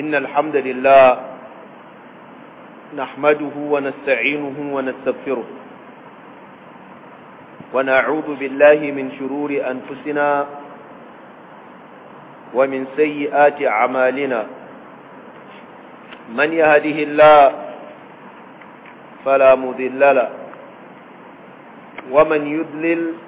إن الحمد لله نحمده ونستعينه ونستغفره ونعوذ بالله من شرور أنفسنا ومن سيئات أعمالنا من يهده الله فلا مذل له ومن يذلل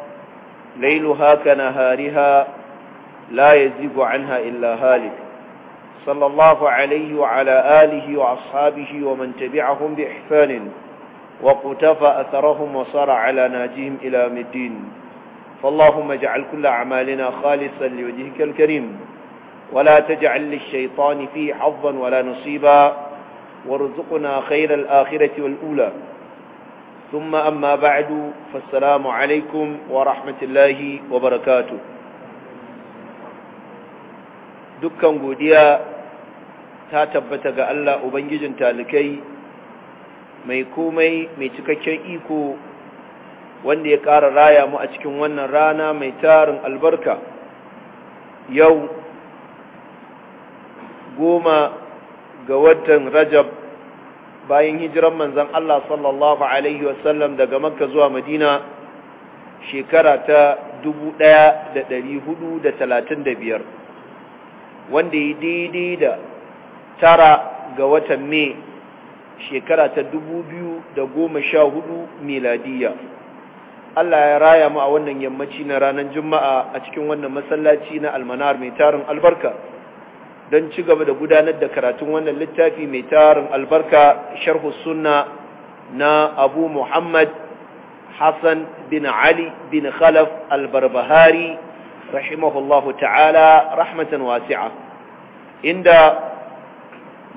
ليلها كنهارها لا يزيغ عنها إلا هالك صلى الله عليه وعلى آله وأصحابه ومن تبعهم بإحسان وقتف أثرهم وصار على ناجهم إلى مدين فاللهم اجعل كل أعمالنا خالصا لوجهك الكريم ولا تجعل للشيطان فيه حظا ولا نصيبا وارزقنا خير الآخرة والأولى ثم أما بعد فالسلام عليكم ورحمة الله وبركاته دكان قوديا تاتبتك ألا أبنجز تالكي ميكومي ميتككي إيكو wanda ya ƙara raya mu a cikin wannan rana mai tarin albarka yau goma ga watan bayan hijiran manzon Allah sallallahu alaihi wasallam daga Makka zuwa Madina shekara ta 1435 wanda ya daidai da tara ga watan Mai shekara ta 2014 miladiya Allah ya raya mu a wannan yammaci na ranar Juma'a a cikin wannan masallaci na Almanar mai tarin albarka don ci gaba da gudanar da karatun wannan littafi mai tarin albarka sharhu sunna na abu muhammad hassan bin ali bin khalaf albarbahari rahimahullahu ta'ala rahmatan wasi'a inda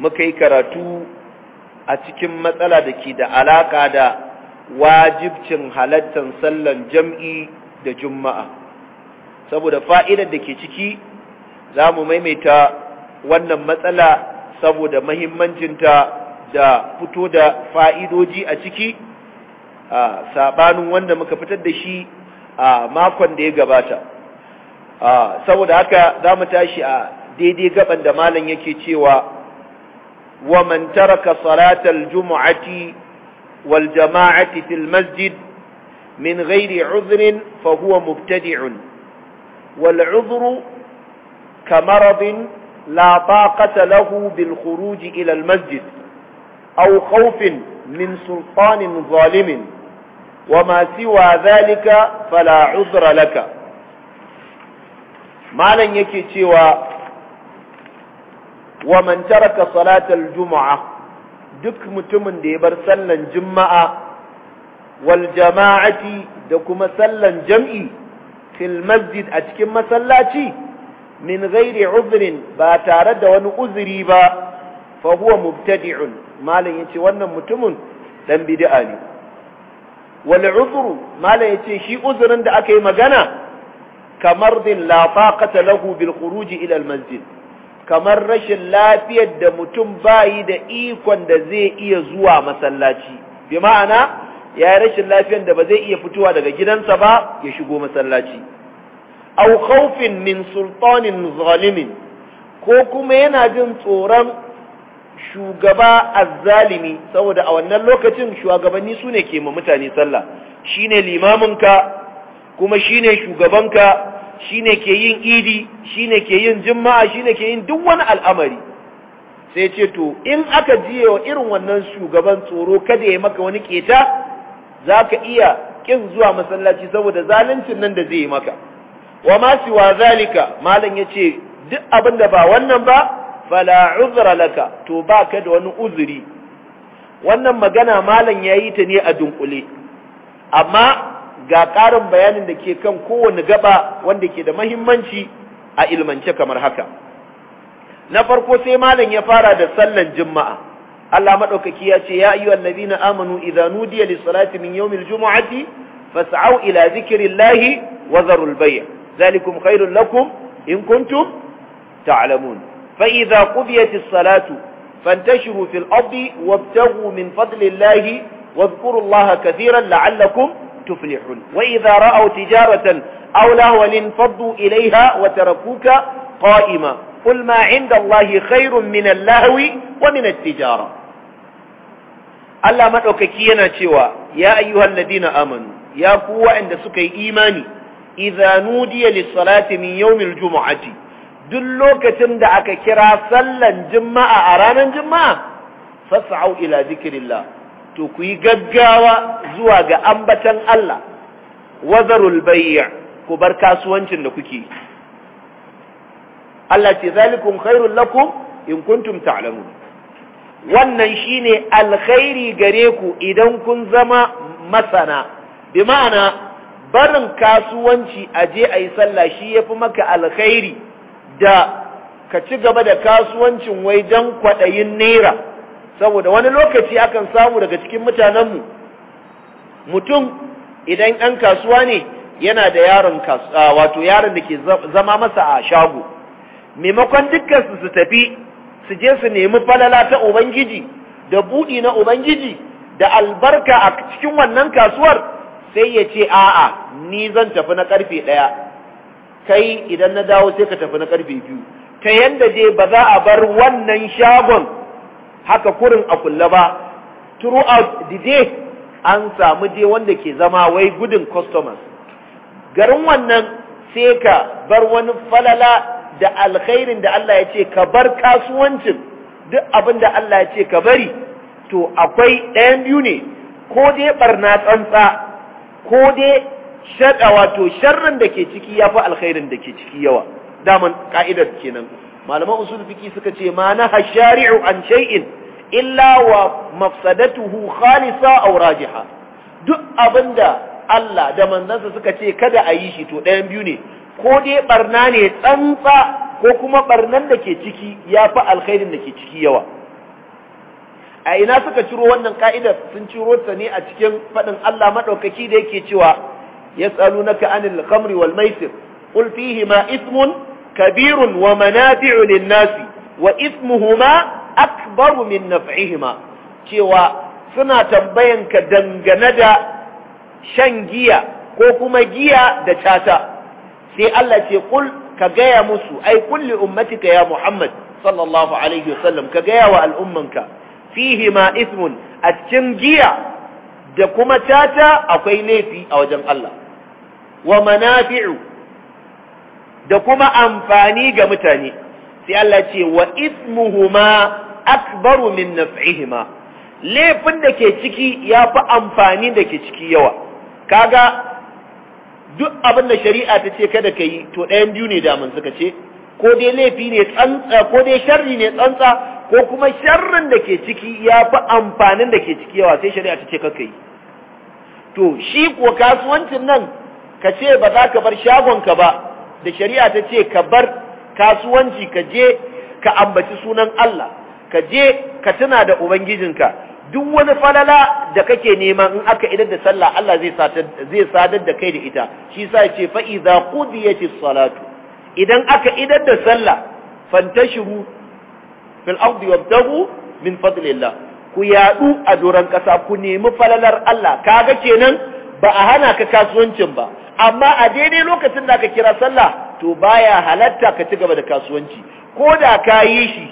muka yi karatu a cikin matsala da ke da alaka da wajibcin halattar sallan jam'i da juma'a saboda fa'idar da ke ciki za mu maimaita wannan matsala saboda mahimmancinta da fito da fa'idoji a ciki a sabanin wanda muka fitar da shi a makon da ya gabata saboda haka za mu tashi a daidai gaban da malam yake cewa wa man taraka salatal jumu'ati wal jama'ati fil masjid min gairi udhrin fa huwa mubtadi'un wal udhru kamarabin لا طاقة له بالخروج إلى المسجد أو خوف من سلطان ظالم وما سوى ذلك فلا عذر لك ما لن يكي تيوى ومن ترك صلاة الجمعة دك متمن دي برسلا جمعة والجماعة دك مسلا جمعي في المسجد أتكم مسلاتي min ghairi uzrin ba tare da wani uzuri ba fa huwa mubtadi'un malam yace wannan mutumin dan bid'a ne wal uzru malam yace shi uzurin da aka yi magana kamar din la faqata lahu bil khuruj ila al masjid kamar rashin lafiyar da mutum bayi da ikon da zai iya zuwa masallaci bi ma'ana ya rashin lafiyar da ba zai iya fitowa daga gidansa ba ya shigo masallaci au khawfin min sultanin zalimin ko kuma yana jin tsoron shugaba azzalimi saboda a wannan lokacin shugabanni su ne ke ma mutane sallah shi ne limaminka kuma shi ne shugabanka shi ne ke yin idi shi ne ke yin jima'a, shi ne ke yin duk wani al'amari sai ce to in aka jiye wa irin wannan shugaban tsoro kada ya maka wani keta za ka iya ƙin zuwa masallaci saboda zaluncin nan da zai yi maka wa ma wa zalika malam yace duk abin da ba wannan ba fala uzra laka to ba ka da wani uzuri wannan magana malam yayi ta ne a dunkule amma ga ƙarin bayanin da ke kan kowane gaba wanda ke da mahimmanci a ilmance kamar haka na farko sai malam ya fara da sallan juma'a Allah madaukaki ya ce ya ayu annabina amanu idza nudiya lis salati min yawmil jumu'ati fas'au ila dhikrillahi wa zarul bay' ذلكم خير لكم إن كنتم تعلمون فإذا قضيت الصلاة فانتشروا في الأرض وابتغوا من فضل الله واذكروا الله كثيرا لعلكم تفلحون وإذا رأوا تجارة أو لهوا انفضوا إليها وتركوك قائما قل ما عند الله خير من اللهو ومن التجارة ألا ما yana شوى يا أيها الذين آمنوا يا قوة عند سكي إيماني Iza nudiya lis-salati min yawmil jumu'ati duk lokacin da aka kira sallan juma'a a ranar juma'a fas'au ila zikrillah to ku yi gaggawa zuwa ga ambatan Allah wazarul bay'a ku bar kasuwancin da kuke Allah ce zalikum khairul lakum in kuntum ta'lamun wannan shine alkhairi gare ku idan kun zama masana bi ma'ana barin kasuwanci a je a yi sallah shi ya fi maka alkhairi da ka ci gaba da kasuwancin wai don kwaɗayin naira saboda wani lokaci akan samu daga cikin mutanenmu mutum idan ɗan kasuwa ne yana da yaron wato yaron da ke zama masa a shago maimakon dukkansu su tafi su je su nemi falala ta ubangiji da buɗi na ubangiji da albarka a cikin wannan kasuwar sai ya ce a'a ni zan tafi na karfe ɗaya kai idan na dawo sai ka tafi na karfe biyu ta yanda dai ba za a bar wannan shagon haka kurin a kulle ba throughout the day an samu je wanda ke zama wai gudun customers garin wannan sai ka bar wani falala da alkhairin da Allah ya ce ka bar kasuwancin duk abin da Allah ya ce ka bari to akwai ɗayan biyu ne ko dai barna tsantsa ko dai shaɗa wato sharrin da ke ciki ya fi alkhairin da ke ciki yawa daman ka'idar kenan malaman usul fiki suka ce ma na hashari'u an shay'in illa wa mafsadatuhu khalisa aw rajiha duk abinda Allah da manzansa suka ce kada a yi shi to ɗayan biyu ne ko dai barna ne tsantsa ko kuma barnan da ke ciki ya fi alkhairin da ke ciki yawa a ina suka ciro wannan ka'idar sun ciro ta ne a cikin faɗin Allah maɗaukaki da yake cewa yas'alunaka na khamri wal maisir qul fihima ismun kabirun wa manafi'u lin-nasi wa ismuhuma akbaru min naf'ihima cewa suna tambayan ka dangane da shan giya ko kuma giya da cata sai Allah ce qul ka gaya musu ai kulli ummatika ya Muhammad sallallahu alaihi wasallam ka gaya wa al'ummanka fihi ma ismun a cikin giya da kuma tata akwai laifi a wajen Allah wa manafi'u da kuma amfani ga mutane sai Allah ce wa ismuhuma akbaru min naf'ihima laifin da ke ciki ya fi amfani da ke ciki yawa kaga duk abin da shari'a ta ce kada ka yi to ɗayan biyu ne mun suka ce ko dai laifi ne tsantsa ko dai sharri ne tsantsa ko kuma sharrin da ke ciki ya fi amfanin da ke ciki yawa sai shari'a ta ce kakka yi to shi kuwa kasuwancin nan ka ce ba za ka bar shagonka ba da shari'a ta ce ka bar kasuwanci ka je ka ambaci sunan Allah ka je ka tuna da ubangijinka duk wani falala da kake nema in aka idan da sallah Allah zai sadar da kai da ita shi sa ya ce fa idza qudiyatis salatu idan aka idan da sallah fantashiru fil ardi wabtagu min fadlillah ku yadu a doran kasa ku nemi falalar Allah kaga kenan ba a hana ka kasuwancin ba amma a daidai lokacin da ka kira sallah to baya halatta ka ci gaba da kasuwanci ko da ka yi shi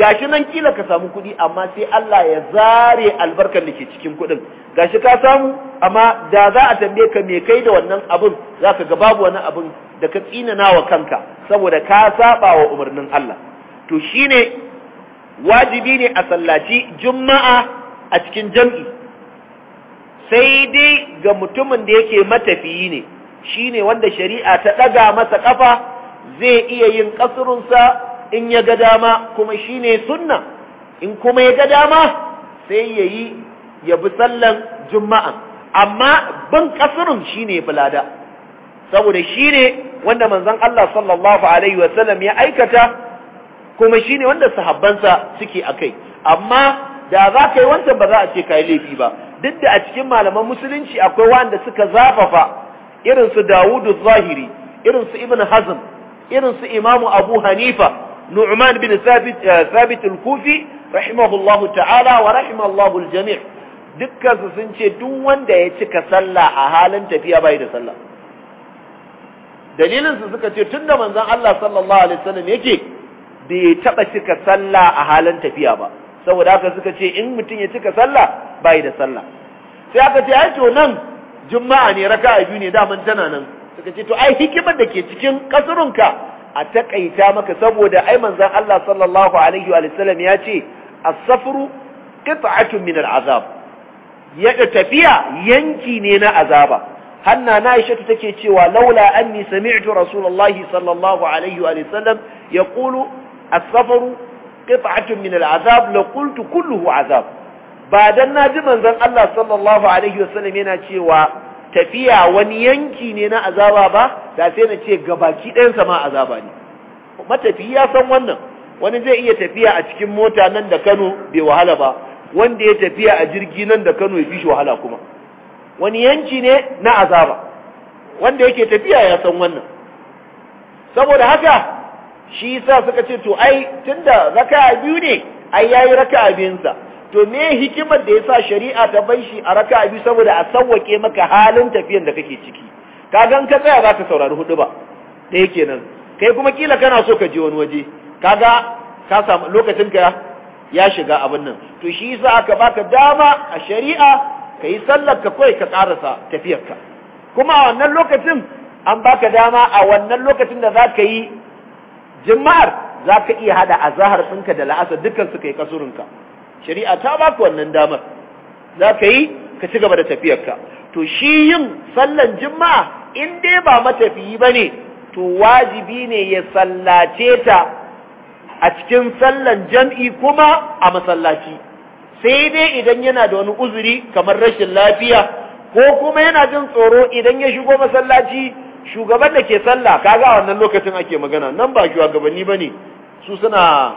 gashi nan kila ka samu kuɗi amma sai Allah ya zare albarkar da ke cikin kuɗin gashi ka samu amma da za a tambaye ka me kai da wannan abun za ka ga babu wani abun da ka tsina nawa kanka saboda ka saba wa umarnin Allah to shine wajibi ne a sallaci juma'a a cikin jam'i sai dai ga mutumin da yake matafiyi ne shine wanda shari'a ta ɗaga masa ƙafa zai iya yin ƙasurinsa in ya ga dama kuma shi ne sunna in kuma ya ga dama sai ya yi ya bi sallan juma'a amma bin ƙasurin ne bulada saboda shi ne wanda manzon Allah sallallahu alaihi wasallam ya aikata kuma shine wanda sahabbansa suke kai. amma da za ka yi wancan ba za a ce ka yi laifi ba duk da a cikin malaman musulunci akwai wanda suka zafafa irin su Dawudu Zahiri irin su Ibn Hazm irin su Imam Abu Hanifa Nu'man bin eh, Thabit al-Kufi rahimahullahu ta'ala wa rahimallahu al-jami' dukkan su sun ce duk wanda ya cika sallah a halin tafiya bai da sallah dalilin su suka ce tunda manzon Allah sallallahu alaihi wasallam yake bai taɓa cika sallah a halin tafiya ba saboda haka suka ce in mutum ya cika sallah bai da sallah sai aka ce ai to nan juma'a ne raka'a biyu ne daman tana nan suka ce to ai hikimar da ke cikin kasurunka a takaita maka saboda ai manzon Allah sallallahu alaihi wa sallam ya ce as-safru qit'atun min al-azab yadda tafiya yanki ne na azaba hanna na Aisha take cewa laula anni sami'tu rasulullahi sallallahu alaihi wa sallam yaqulu as-safaru qit'atun min al-azab la qultu kulluhu azab ba dan ji manzon Allah sallallahu alaihi wasallam yana cewa tafiya wani yanki ne na azaba ba da sai na ce gabaki ɗayansa ma azaba ne matafiya ya san wannan wani zai iya tafiya a cikin mota nan da Kano bai wahala ba wanda ya tafiya a jirgi nan da Kano ya fi shi wahala kuma wani yanki ne na azaba wanda yake tafiya ya san wannan saboda haka shi yasa suka ce to ai tunda raka'a biyu ne ai yayi raka'a biyunsa to me hikimar da yasa shari'a ta bar shi a raka biyu saboda a sawwake maka halin tafiyan da kake ciki ka gan ka tsaya za ka saurari hudu ba ɗaya kenan kai kuma kila kana so ka je wani waje kaga ka samu lokacin ka ya shiga abin nan to shi yasa aka baka dama a shari'a ka yi sallar ka kwai ka karasa tafiyarka kuma a wannan lokacin an baka dama a wannan lokacin da za ka yi juma'ar za ka iya hada azahar ɗinka da la'asar dukkan su yi kasurinka shari'a ta ba ku wannan damar za ka yi ka ci gaba da tafiyarka to shi yin sallan juma'a in dai ba matafiyi ba ne to wajibi ne ya sallace ta a cikin sallan jam'i kuma a masallaci sai dai idan yana da wani uzuri kamar rashin lafiya ko kuma yana jin tsoro idan ya shigo masallaci shugaban da ke sallah kaga a wannan lokacin ake magana nan ba shugabanni ne su suna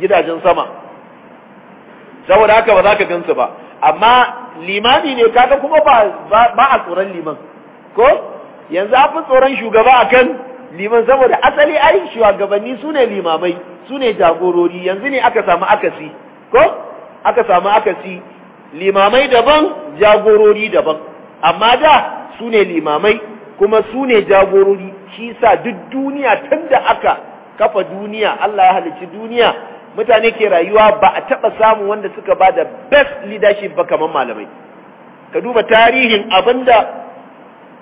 gidajen sama saboda haka ba za ka gansu ba amma limani ne kaga kuma ba ba a tsoron liman ko yanzu an fi tsoron shugaba a kan liman saboda asali ai shugabanni su ne limamai su ne jagorori yanzu ne aka samu akasi ko aka samu akasi limamai daban jagorori daban amma da su ne limamai kuma su ne jagorori shi sa duk duniya tun da aka kafa duniya Allah ya halicci duniya mutane ke rayuwa ba a taɓa samun wanda suka ba da best leadership ba kamar malamai ka duba tarihin abinda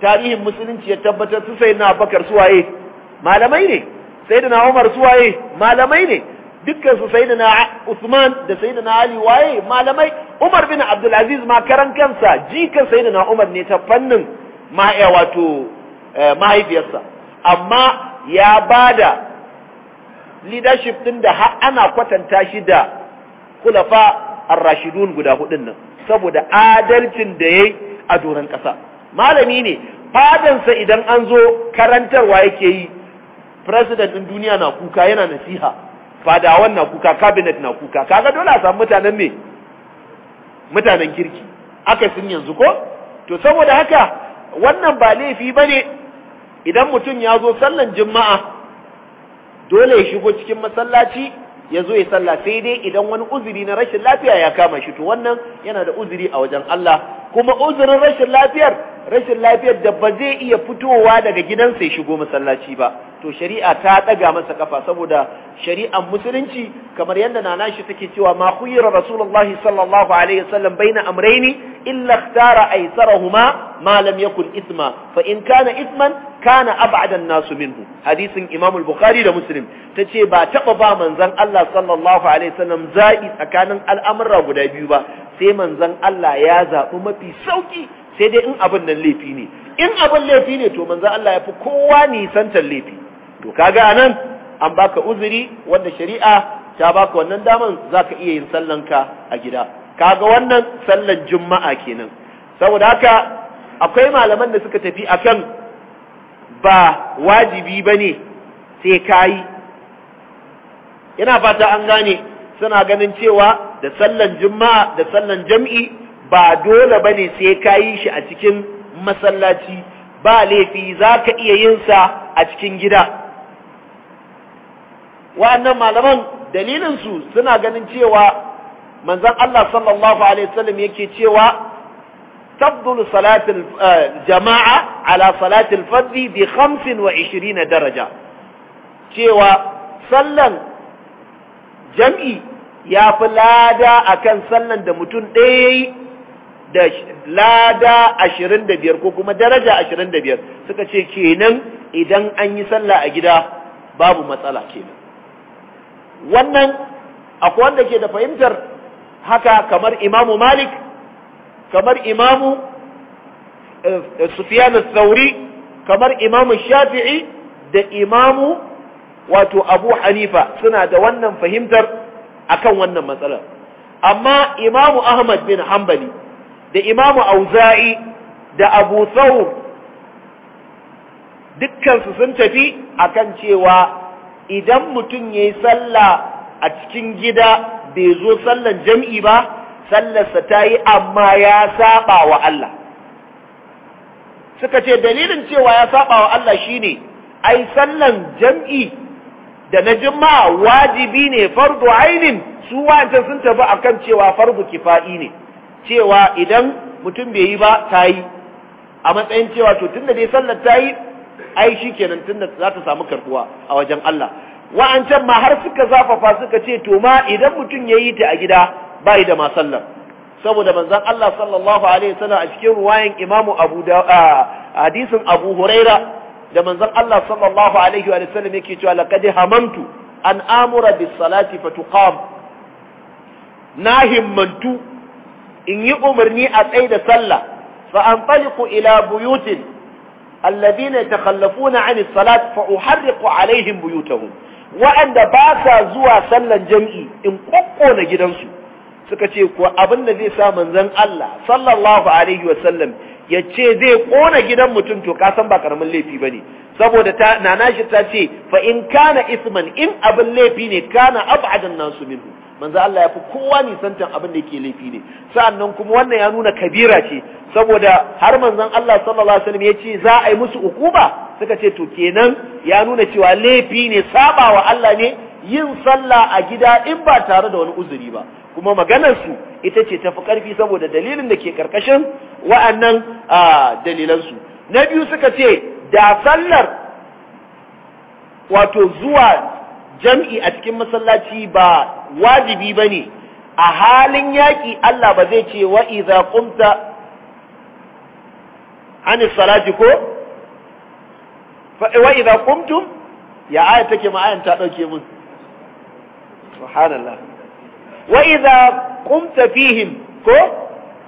tarihin musulunci ya tabbatar su sai na bakar suwaye malamai ne sai da na umar suwaye malamai ne dukkan su sai da na usman da sai da na ali waye malamai umar bin abdulaziz ma karan kansa jikan sai da na umar ne ta fannin wato eh, mahaifiyarsa amma ya ba da leadership din da ana kwatanta shi da kulafa a rashidun guda hudun nan saboda adalcin da ya yi a doron kasa malami ne fadansa idan an zo karantarwa yake yi president din duniya na kuka yana nasiha fadawan na kuka cabinet na kuka kaga dole a samu mutanen me mutanen kirki aka sun yanzu ko to saboda haka wannan ba laifi ba ne idan mutum ya zo sallan juma'a dole ya shigo cikin masallaci ya zo ya salla sai dai idan wani uzuri na rashin lafiya ya kama shi to wannan yana da uzuri a wajen Allah kuma uzurin rashin lafiyar rashin lafiyar da ba zai iya fitowa daga gidansa ya shigo masallaci ba to shari'a ta daga masa kafa saboda shari'ar musulunci kamar yadda nana shi take cewa ma khuyira rasulullahi sallallahu alaihi wasallam baina amrayni illa ikhtara aysarahuma ma lam yakun isma fa in kana isman kana ab'ada an-nas minhu hadisin imam al-bukhari da muslim tace ba taba ba manzon Allah sallallahu alaihi wasallam zai tsakanin al'amura guda biyu ba sai manzon Allah ya zabi mafi sauki sai dai in abin nan laifi ne in abin laifi ne to manzon Allah ya fi kowa nisantar laifi to kaga anan an baka uzuri wanda shari'a ta baka wannan daman zaka iya yin sallanka a gida kaga wannan sallan juma'a kenan saboda haka akwai malaman da suka tafi akan ba wajibi bane sai kai Ina fata an gane suna ganin cewa da sallan juma'a da sallan jam'i ba dole bane sai yi shi a cikin masallaci ba laifi zaka iya yin sa a cikin gida wa'annan malaman dalilin su suna ganin cewa manzon Allah sallallahu alaihi wasallam yake cewa تفضل صلاة الجماعة على صلاة الفرد ب 25 daraja cewa sallan jam'i ya fi lada a kan sallan da mutum ɗaya da lada ashirin da biyar ko kuma daraja ashirin da biyar suka ce kenan idan an yi sallah a gida babu matsala kenan wannan akwai wanda ke da fahimtar haka kamar imamu malik kamar imamu eh, sufiyan sauri kamar imamu shafi'i da imamu wato abu hanifa suna da wannan fahimtar akan wannan matsalar amma imamu ahmad bin hanbali da imamu auza'i da abu thawr dukkansu sun tafi akan cewa idan mutum ya yi sallah a cikin gida bai zo sallan jam'i ba sallarsa ta yi amma ya saba wa Allah suka ce dalilin cewa ya saba wa Allah shi ne, ai sallan jam'i da na jima'a wajibi ne fardu ainin su wancan sun tafi a kan cewa fardu kifa'i ne cewa idan mutum bai yi ba ta yi a matsayin cewa to tunda dai sallar ta yi ai shi kenan tunda za ta samu karbuwa a wajen Allah wa'ancan ma har suka zafafa suka ce to ma idan mutum ya yi ta a gida ba da ma saboda manzon Allah sallallahu alaihi wasallam a cikin ruwayan Imam Abu da hadisin Abu Huraira da manzon Allah sallallahu alaihi wa sallam yake cewa laqad hamantu an amura bis salati fa fatuqam na himmantu in yi umarni a tsaye da sallah fa anfaliqu ila buyutin alladhina yatakhallafuna 'an as-salat fa uharriqu 'alayhim buyutahum waɗanda ba sa zuwa sallan jam'i in kokkona gidansu suka ce ko abin da zai sa manzon Allah sallallahu alaihi wa sallam ya ce zai ƙona gidan mutum to ka san ba karamin laifi bane saboda ta nana shi ta ce fa in kana isman in abin laifi ne kana abadan nasu minhu manzo Allah ya fi kowa nisantan abin da yake laifi ne sa'annan kuma wannan ya nuna kabira ce saboda har manzon Allah sallallahu alaihi wasallam ya ce za a yi musu ukuba suka ce to kenan ya nuna cewa laifi ne sabawa Allah ne yin sallah a gida in ba tare da wani uzuri ba kuma maganar su ita ce tafi karfi saboda dalilin da ke karkashin wa'annan dalilan su na biyu suka ce da sallar wato zuwa jam'i a cikin masallaci ba wajibi ba ne a halin yaƙi Allah ba zai ce wa iza kumta anis salati ko wa iza kumtum ya aya take ma ta dauke mun subhanallah wa iza kumta fihim ko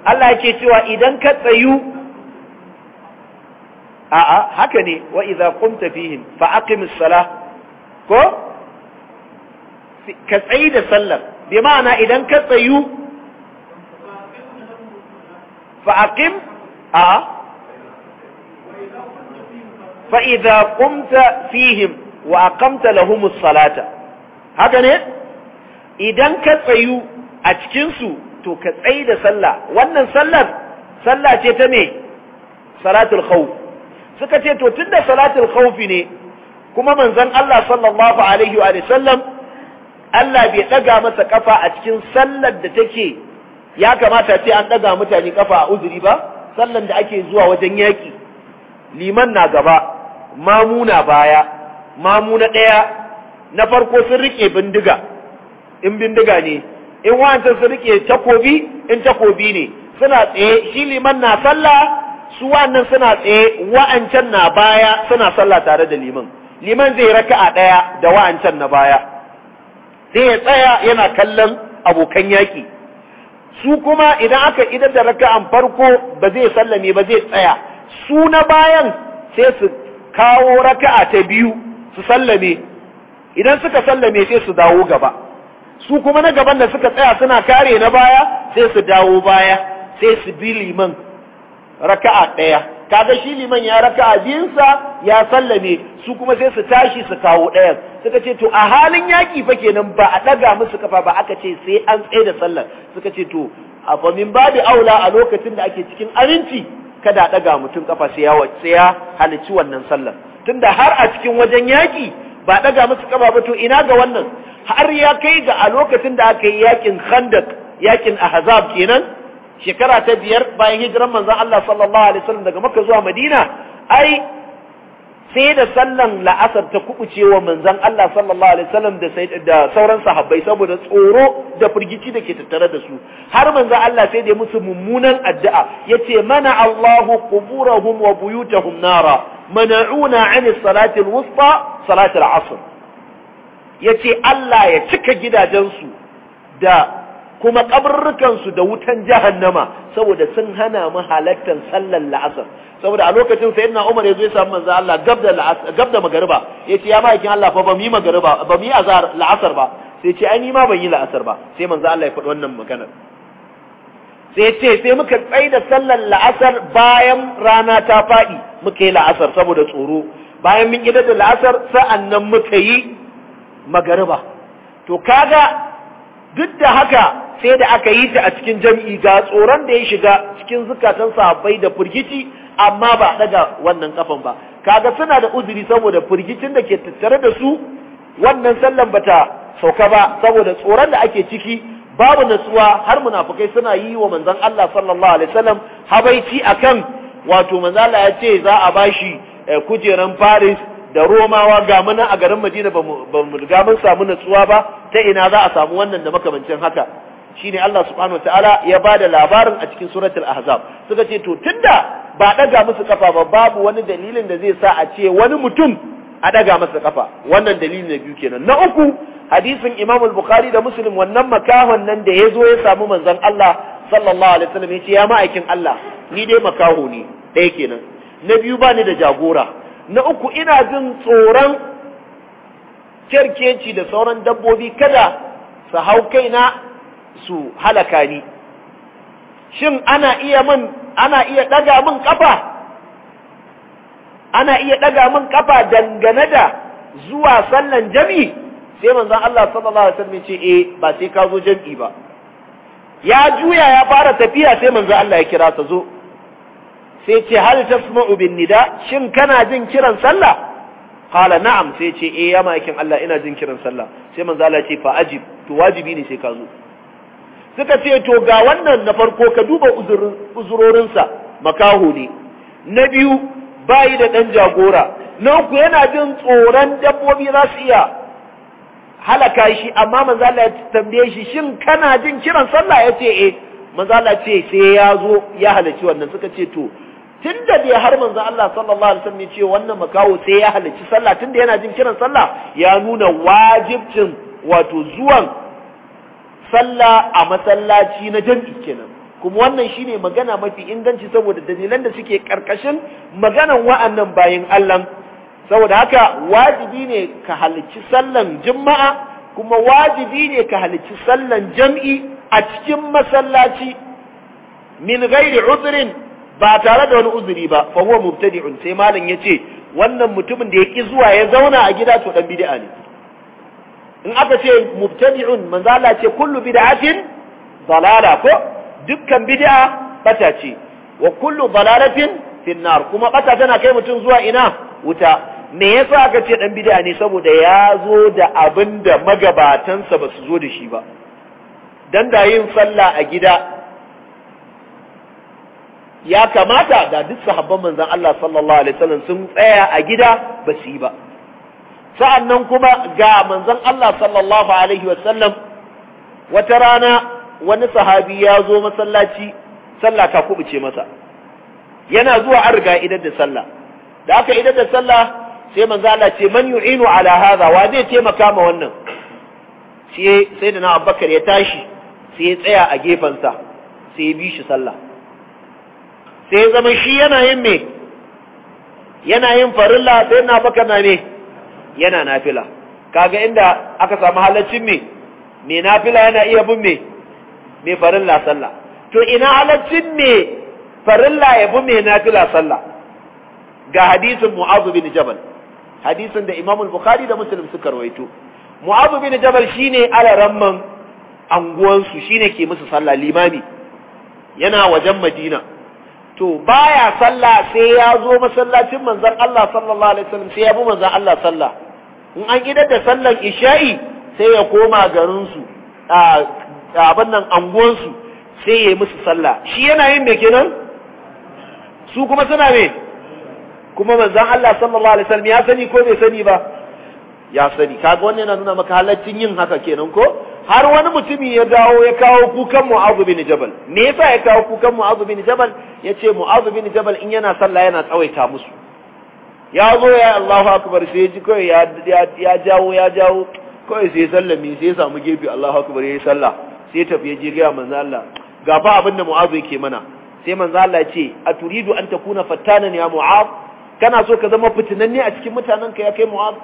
Allah yake cewa idan ka tsayu a'a haka ne wa iza kumta fihim fa aqimis salah ko ka tsayi da sallar bi ma'ana idan ka tsayu fa aqim a fa idza qumta fihim wa aqamta lahum salata haka ne idan ka tsayu a cikin su to ka tsayi da sallah wannan sallar sallah ce ta me salatul khawf suka ce to tunda salatul khawfi ne kuma manzon Allah sallallahu alaihi wa sallam Allah bai ɗaga masa kafa a cikin sallar da take ya kamata ce an ɗaga mutane kafa a uzuri ba sallar da ake zuwa wajen yaki. liman na gaba mamuna baya mamuna ɗaya na farko sun riƙe bindiga in bindiga ne in wancan sun riƙe takobi in takobi ne suna tsaye shi liman na sallah su wannan suna tsaye wa'ancan na baya suna sallah tare da liman liman zai raka'a ɗaya da wa'ancan na baya sai ya tsaya yana kallon abokan yaki su kuma idan aka idar da raka'an farko ba zai sallame ba zai tsaya su na bayan sai su kawo raka'a ta biyu su sallame idan suka sallame sai su dawo gaba su kuma na gaban da suka tsaya suna kare na baya sai su dawo baya sai su bi liman raka'a ɗaya kaga shi liman ya raka biyunsa ya sallame su kuma sai su tashi su kawo ɗayan suka ce to a halin yaƙi fa kenan ba a ɗaga musu kafa ba aka ce sai an tsaye da sallar suka ce to a famin babu aula a lokacin da ake cikin aminci kada a ɗaga mutum kafa sai ya sai ya halici wannan sallar tunda har a cikin wajen yaƙi ba a ɗaga musu kafa ba to ina ga wannan har ya kai ga a lokacin da aka yi yaƙin khandak yaƙin ahzab kenan shekara ta biyar bayan hijiran manzan Allah sallallahu alaihi wasallam daga Makka zuwa Madina ai sai da sallan la'asar ta kuɓuce wa manzon Allah sallallahu alaihi wasallam da sauran sahabbai saboda tsoro da firgici da ke tattare da su har manzan Allah sai da musu mummunan addu'a yace mana Allahu quburahum wa buyutahum nara mana'una 'ani salati al-wusta salati al-'asr yace Allah ya cika gidajensu da kuma kaburrukansu da wutan jahannama saboda sun hana mu halattar sallar la'asar saboda a lokacin sai na umar ya zo ya samu manzo Allah gab da gab da magariba yace ya ma'aikin Allah fa ba mu yi magariba ba mu yi azhar la'asar ba sai ce ai ni ma ban yi la'asar ba sai manzo Allah ya faɗi wannan magana sai ce sai muka tsai da sallar la'asar bayan rana ta faɗi muka yi la'asar saboda tsoro bayan mun idar da la'asar sa'an nan muka yi magariba to kaga duk da haka sai da aka yi ta a cikin jam'i ga tsoron da ya shiga cikin zukatan sahabbai da firgici amma ba daga wannan kafan ba kaga suna da uzuri saboda firgicin da ke tattare da su wannan sallan bata sauka ba saboda tsoron da ake ciki babu natsuwa har munafukai suna yi wa manzon Allah sallallahu alaihi wasallam habaici akan wato manzon Allah ya ce za a bashi eh, kujeran Paris da Romawa ga muna a garin Madina ba mu riga mun samu natsuwa ba ta ina za a samu wannan da makamancin haka shine Allah subhanahu wataala ya bada labarin a cikin suratul ahzab suka ce to tunda ba daga musu kafa ba babu wani dalilin da zai sa a ce wani mutum a daga masa kafa wannan dalilin na biyu kenan na uku hadisin Imam al-Bukhari da Muslim wannan makahon nan da yazo ya samu manzon Allah sallallahu alaihi wasallam yace ya ma'aikin Allah ni dai makaho ne ɗaya kenan na biyu ba ni da jagora na uku ina jin tsoron kerkeci da sauran dabbobi kada su hau kaina su halaka ni shin ana iya min ana iya daga min kafa ana iya daga min kafa dangane da zuwa sallan jami'i sai manzon Allah sallallahu alaihi wasallam ce eh ba sai ka zo jami'i ba ya juya ya fara tafiya sai manzon Allah ya kira ta zo sai ce hal tasma'u bin nida shin kana jin kiran sallah qala na'am sai ce eh ya ma'aikin Allah ina jin kiran sallah sai manzo Allah ce fa ajib to wajibi ne sai ka zo suka ce to ga wannan na farko ka duba uzurorinsa makaho ne na biyu bayi da ɗan jagora na uku yana jin tsoron dabbobi za su iya halaka shi amma manzala ya tambaye shi shin kana jin kiran sallah ya ce eh manzala ce sai ya zo ya halarci wannan suka ce to tun da bai har manzo Allah sallallahu alaihi wasallam ce wannan makaho sai ya halarci sallah tunda yana jin kiran sallah ya nuna wajibcin wato zuwan sallah a masallaci na jam'i kenan kuma wannan shine magana mafi inganci saboda dalilan da suke karkashin maganan wa'annan bayin Allah saboda haka wajibi ne ka halicci sallan juma'a kuma wajibi ne ka halicci sallan jam'i a cikin masallaci min ghairi uzrin ba tare da wani uzuri ba fa huwa mubtadi'un sai malam yace wannan mutumin da ya ki zuwa ya zauna a gida to dan bid'a ne in aka ce mubtadi'un manzo Allah ce kullu bid'atin dalala ko dukkan bid'a bata ce wa kullu dalalatin fin nar kuma bata tana kai mutum zuwa ina wuta me yasa aka ce dan bid'a ne saboda ya zo da abin da magabatansa ba su zo da shi ba dan da yin sallah a gida ya kamata da duk sahabban manzon Allah sallallahu alaihi wasallam sun tsaya a gida ba su yi ba sa'annan kuma ga manzon Allah sallallahu alaihi wasallam wata rana wani sahabi ya zo masallaci sallah ta kubuce masa yana zuwa an riga idan da sallah da aka idan da sallah sai manzo Allah ce man yu'inu ala hadha wa zai taimaka ma wannan sai da na Abubakar ya tashi sai ya tsaya a gefensa sai ya bi shi sallah sai zama shi yana yin me yana yin farilla sai na Abubakar na ne yana nafila kaga inda aka samu halaccin me me nafila yana iya bin me me farilla sallah to ina halaccin me farilla ya bi me nafila sallah ga hadisin mu'adh bin jabal hadisin da imam al-bukhari da muslim suka rawaito mu'adh bin jabal shine alaramman anguwansu shine ke musu sallah limami yana wajen madina to baya sallah sai ya zo masallacin manzon Allah sallallahu alaihi wasallam sai ya bi manzon Allah sallah in an idar da sallan isha'i sai ya koma garinsu a abin nan anguwansu sai ya yi musu sallah shi yana yin me kenan su kuma suna me kuma manzon Allah sallallahu alaihi wasallam ya sani ko bai sani ba ya sani kaga wannan yana nuna maka halaccin yin haka kenan ko har wani mutumi ya dawo ya kawo kukan Mu'adh bin Jabal me yasa ya kawo kukan Mu'adh bin Jabal yace Mu'adh bin Jabal in yana sallah yana tsawaita musu ya zo ya Allahu akbar sai ji kawai ya jawo ya jawo kawai sai sallami sai ya samu gefe Allahu akbar ya yi sallah sai tafi ya je gaya manzo Allah ga fa abin da Mu'adh yake mana sai manzo Allah ce a turidu an takuna fattanan ya Mu'adh kana so ka zama fitinanne a cikin mutanen ka ya kai Mu'adh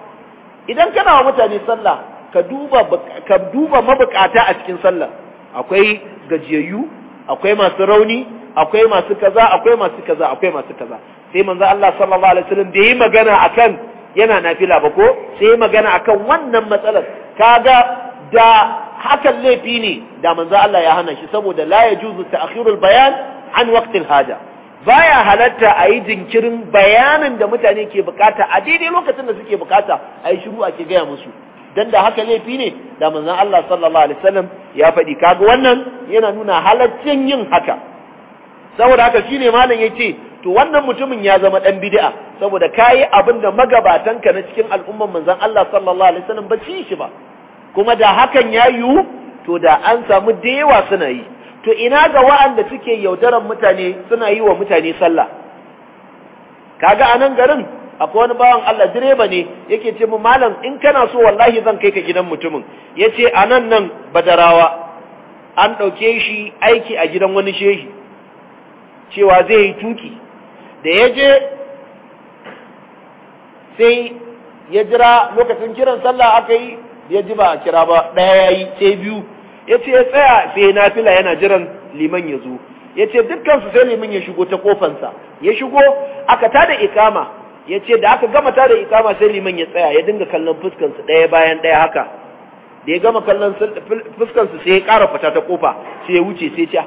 idan kana wa mutane sallah ka duba ka duba mabukata a cikin sallah akwai gajiyayyu akwai masu rauni akwai masu kaza akwai masu kaza akwai masu kaza sai manzo Allah sallallahu alaihi wasallam bai yi magana akan yana nafila ba ko sai magana akan wannan matsalar kaga da hakan laifi ne da manzo Allah ya hana shi saboda la yajuzu ta'khirul bayan an waqtil haja baya halatta a yi jinkirin bayanin da mutane ke bukata a daidai lokacin da suke bukata a yi shiru ake gaya musu dan da haka laifi ne da manzon Allah sallallahu alaihi wasallam ya faɗi kaga wannan yana nuna halaccin yin haka saboda haka shine malam yace to wannan mutumin ya zama dan bid'a saboda kai abin da magabatanka na cikin al'umman manzon Allah sallallahu alaihi wasallam ba ci shi ba kuma da hakan ya yiwu to da an samu da suna yi to ina ga wa'anda suke yaudaran mutane suna yi wa mutane sallah kaga anan garin akwai wani bawan Allah direba ne yake ce mu malam in kana so wallahi zan kai ka gidan mutumin yace anan nan badarawa an dauke shi aiki a gidan wani shehi cewa zai yi tuki da ya je sai ya jira lokacin kiran sallah aka yi ya ji ba a kira ba ɗaya ya yi sai biyu ya ce ya tsaya sai na fila yana jiran liman ya zo ya ce dukkansu sai liman ya shigo ta kofansa ya shigo aka tada ikama ya ce da aka gama tada ikama sai liman ya tsaya ya dinga kallon fuskansu ɗaya bayan ɗaya haka da ya gama kallon fuskansu sai ya ƙara fata ta kofa sai ya wuce sai ta, ah,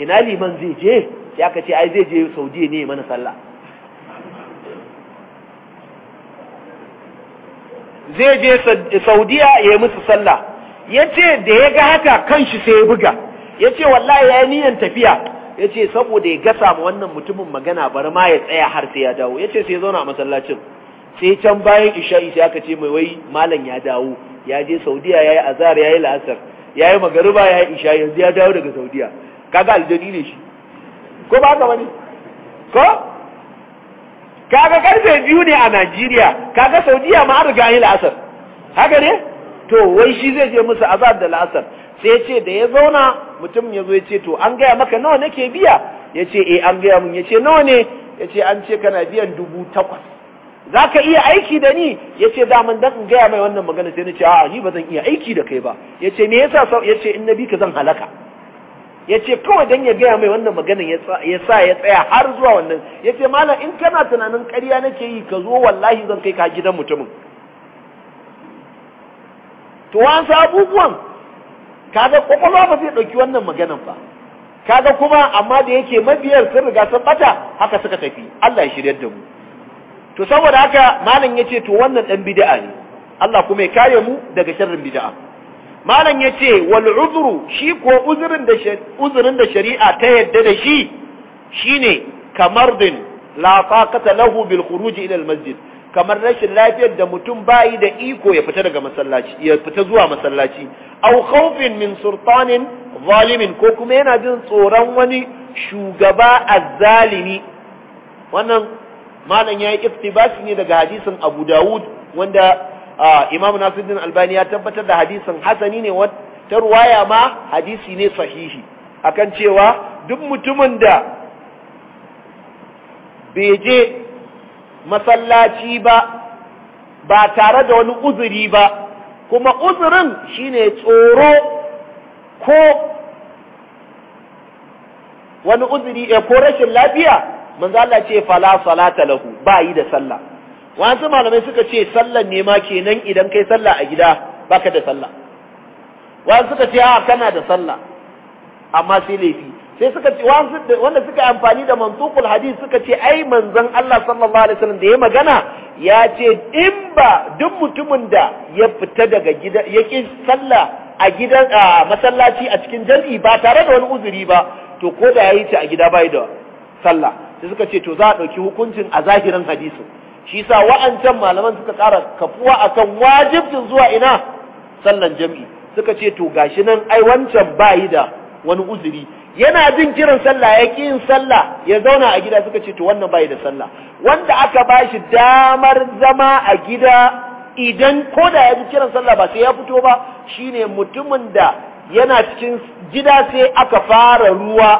ina liman zai je sai aka ce ai zai je saudiya ne mana sallah zai je saudiya ya yi musu sallah ya ce da ya ga haka kanshi sai ya buga ya ce wallahi ya yi niyan tafiya ya ce saboda ya gasa ma wannan mutumin magana bar ma ya tsaya har sai ya dawo ya ce sai ya zauna a masallacin sai can bayan isha'i sai aka ce mai wai malam ya dawo ya je saudiya ya yi azhar ya yi la'asar ya yi magariba ya yi isha yanzu ya dawo daga saudiya kaga aljani ne shi ko ba ka wani ko kaga karfe biyu ne a Najeriya kaga Saudiya ma an riga yi la'asar haka ne to wai shi zai je musu azab da la'asar sai ce da ya zauna mutum ya zo ya ce to an gaya maka nawa nake biya ya ce eh an gaya mun ya ce nawa ne ya ce an ce kana biyan dubu takwas za ka iya aiki da ni ya ce daman dan in gaya mai wannan magana sai na ce a'a ni ba zan iya aiki da kai ba ya ce me yasa ya ce in na bi ka zan halaka ya ce kawai don ya gaya mai wannan maganin ya sa ya tsaya har zuwa wannan ya ce malam in kana tunanin karya nake yi ka zo wallahi zan kai ka gidan mutumin to sa abubuwan kaga kwakwalwa ba zai ɗauki wannan maganan ba kaga kuma amma da yake mabiyar sun riga sun bata haka suka tafi Allah ya shiryar da mu to saboda haka malam ya ce to wannan ɗan bid'a ne Allah kuma ya kare mu daga sharrin bid'a malam ya ce wal uzuru shi ko uzurin da shari'a ta yadda da shi shine kamar din la faqata lahu bil khuruj ila masjid kamar rashin lafiyar da mutum bayi da iko ya fita daga masallaci ya fita zuwa masallaci aw khawfin min sultanin zalimin ko kuma yana jin tsoron wani shugaba azzalimi wannan malam yayi iftibasi ne daga hadisin Abu Dawud wanda imam nasiruddin albani ya tabbatar da hadisin hasani ne ta ruwaya ma hadisi ne sahihi akan cewa duk mutumin da bai je masallaci ba ba tare da wani uzuri ba kuma uzurin shine tsoro ko wani uzuri ko rashin lafiya manzo Allah ce fala salata lahu ba yi da sallah wasu malamai suka ce sallan ne ma kenan idan kai sallah a gida baka da sallah wasu suka ce a kana da sallah amma sai laifi sai suka ce wanda suka amfani da mantuqul hadith suka ce ai manzon Allah sallallahu alaihi wasallam da ya magana ya ce in ba duk mutumin da ya fita daga gida ya ki sallah a gidan masallaci a cikin jami'i ba tare da wani uzuri ba to ko da yayi ta a gida bai da sallah sai suka ce to za a dauki hukuncin a zahirin hadisin shi sa wa'ancan malaman suka ƙara kafuwa a kan wajibcin zuwa ina sallan jam'i suka ce to gashi nan ai wancan bayi da wani uzuri yana jin kiran salla ya ƙi yin sallah ya zauna a gida suka ce to wannan bayi da salla wanda aka ba shi damar zama a gida idan ko da ya ji kiran sallah ba sai ya fito ba shine mutumin da yana cikin gida sai aka fara ruwa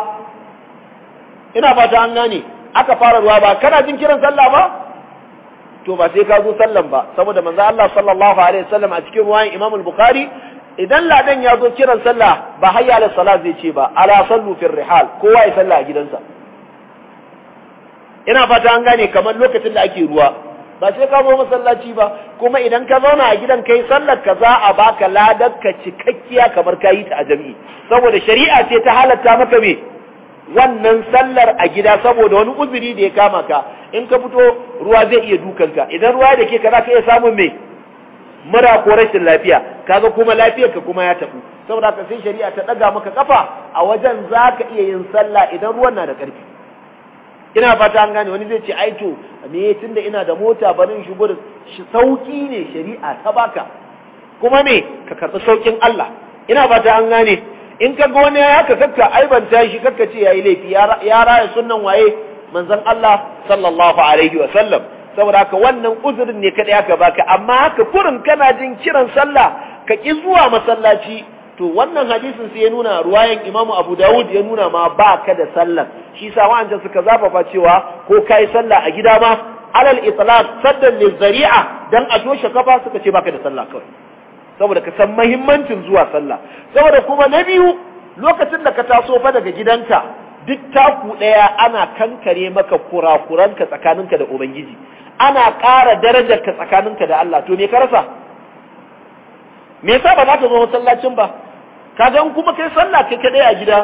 ina fata an gane aka fara ruwa ba kana jin kiran sallah ba to ba sai ka zo sallan ba saboda manzo Allah sallallahu alaihi wasallam a cikin ruwayan Imam al-Bukhari idan ladan ya zo kiran sallah ba hayya ala salat zai ce ba ala sallu fil rihal kowa ya salla a gidansa ina fata an gane kamar lokacin da ake ruwa ba sai ka zo masallaci ba kuma idan ka zauna a gidan kai sallar ka za a baka ladar ka cikakkiya kamar ka yi ta a jami'i saboda shari'a ce ta halatta maka me wannan sallar a gida saboda wani uzuri da ya kama ka in ka fito ruwa zai iya dukanka idan ruwa da ke ka za ka iya samun mai mura ko rashin lafiya kaga kuma ka kuma ya tabu saboda haka sai shari'a ta daga maka kafa a wajen zaka iya yin sallah idan ruwan na da karfi ina fata an gane wani zai ce ai to me tunda ina da mota barin shigo da sauki ne shari'a ta baka kuma me ka karɓi saukin Allah ina fata an gane in ka ga wani ya haka kakka aibanta shi kakka ce yayi laifi ya raya sunnan waye manzon Allah sallallahu alaihi wa sallam saboda haka wannan uzurin ne kada ka baka amma haka kurin kana jin kiran sallah ka ki zuwa masallaci to wannan hadisin sai ya nuna ruwayan Imam Abu Dawud ya nuna ma baka da sallah shi yasa wa'anda suka zafafa cewa ko kai sallah a gida ma alal itlaq saddan lizari'a dan a toshe kafa suka ce baka da sallah kawai saboda ka san mahimmancin zuwa sallah saboda kuma na biyu lokacin da ka taso fa daga gidanka duk taku ɗaya ana kankare maka kurakuranka tsakaninka da ubangiji ana ƙara ka tsakaninka da Allah to me ka rasa me yasa ba za ka zo masallacin ba ka ga kuma kai sallah kai kadai a gida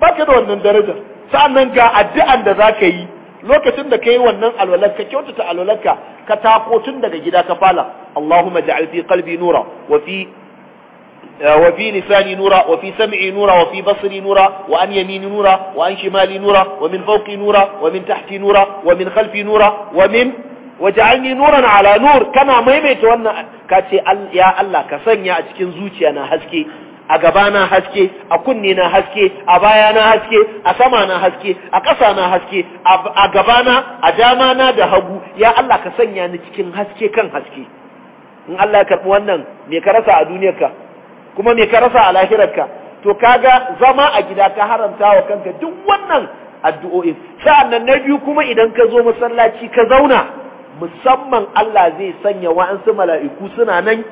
ba da wannan darajar sa'annan ga addu'an da za ka yi lokacin da kai wannan alwalar ka kyautata alwalar ka ka tako tun daga gida ka fala Allahumma ja'al fi qalbi nura wa fi wa fi lisani nura wa fi sam'i nura wa fi basri nura wa an yamini nura wa an shimali nura wa min fawqi nura wa min tahti nura wa min khalfi nura wa min waj'alni nuran ala nur kana maimaita wannan kace ya Allah ka sanya a cikin zuciya na haske a gaba na haske a kunne na haske a baya na haske a sama na haske a ƙasa na haske a gaba na a dama na da hagu ya Allah ka sanya ni cikin haske kan haske in Allah ya karɓi wannan me ka rasa a duniyarka kuma me ka rasa a lahirarka to kaga zama a gida ka haramta wa kanka duk wannan addu'o'in nan na biyu kuma idan ka zo masallaci ka zauna musamman Allah zai sanya wa'ansu mala'iku suna nan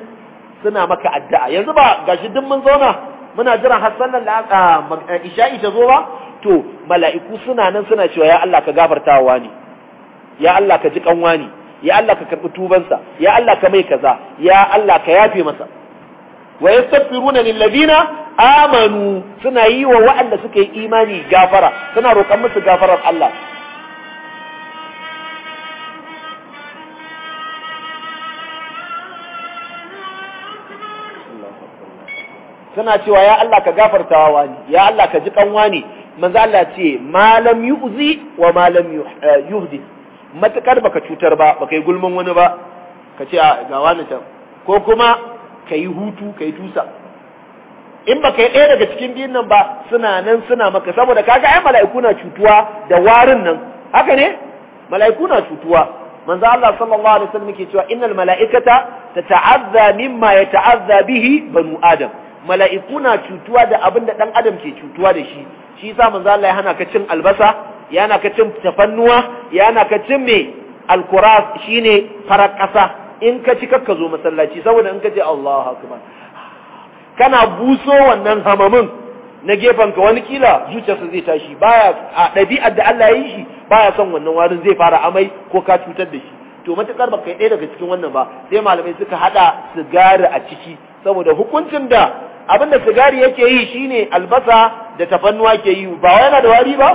suna maka addu'a yanzu ba gashi duk mun zauna muna jiran har sallar isha'i ta zo ba to mala'iku suna nan suna cewa ya Allah ka gafarta wa wani, ya Allah ka ji kan wani, ya Allah ka karbi tubansa ya Allah ka mai kaza ya Allah ka yafe masa wa yastaghfiruna lil ladina amanu suna yi wa waɗanda suka yi imani gafara suna roƙon musu gafarar Allah Suna cewa ya Allah ka gafartawa wani ya Allah ka ji kanwa ne manzo Allah ce malam yu'zi wa malam eh, yuhdi matakar baka cutar ba baka yi gulman wani ba ka ce a ga wani can ko kuma ka yi hutu ka yi tusa in baka yi ɗaya daga cikin biyun nan ba suna nan suna maka saboda kaga ai mala'iku na cutuwa da warin nan haka ne mala'iku na cutuwa manzo Allah sallallahu alaihi wasallam yake cewa innal mala'ikata tata'azza mimma yata'azza bihi banu adam mala'iku na cutuwa da abin da ɗan adam ke cutuwa da shi shi sa manzo Allah ya hana ka cin albasa ya hana ka cin tafannuwa ya hana ka cin me alkuras shine farar ƙasa in ka ci kakka zo masallaci saboda in ka je Allahu akbar kana buso wannan hamamin na gefen ka wani kila zuciyarsa zai tashi baya a ɗabi'ar da Allah ya yi shi baya son wannan warin zai fara amai ko ka cutar da shi to matukar baka yi ɗaya daga cikin wannan ba sai malamai suka hada sigari a ciki saboda hukuncin da abinda sigari yake yi shine albasa da tafannuwa ke yi ba yana da wari ba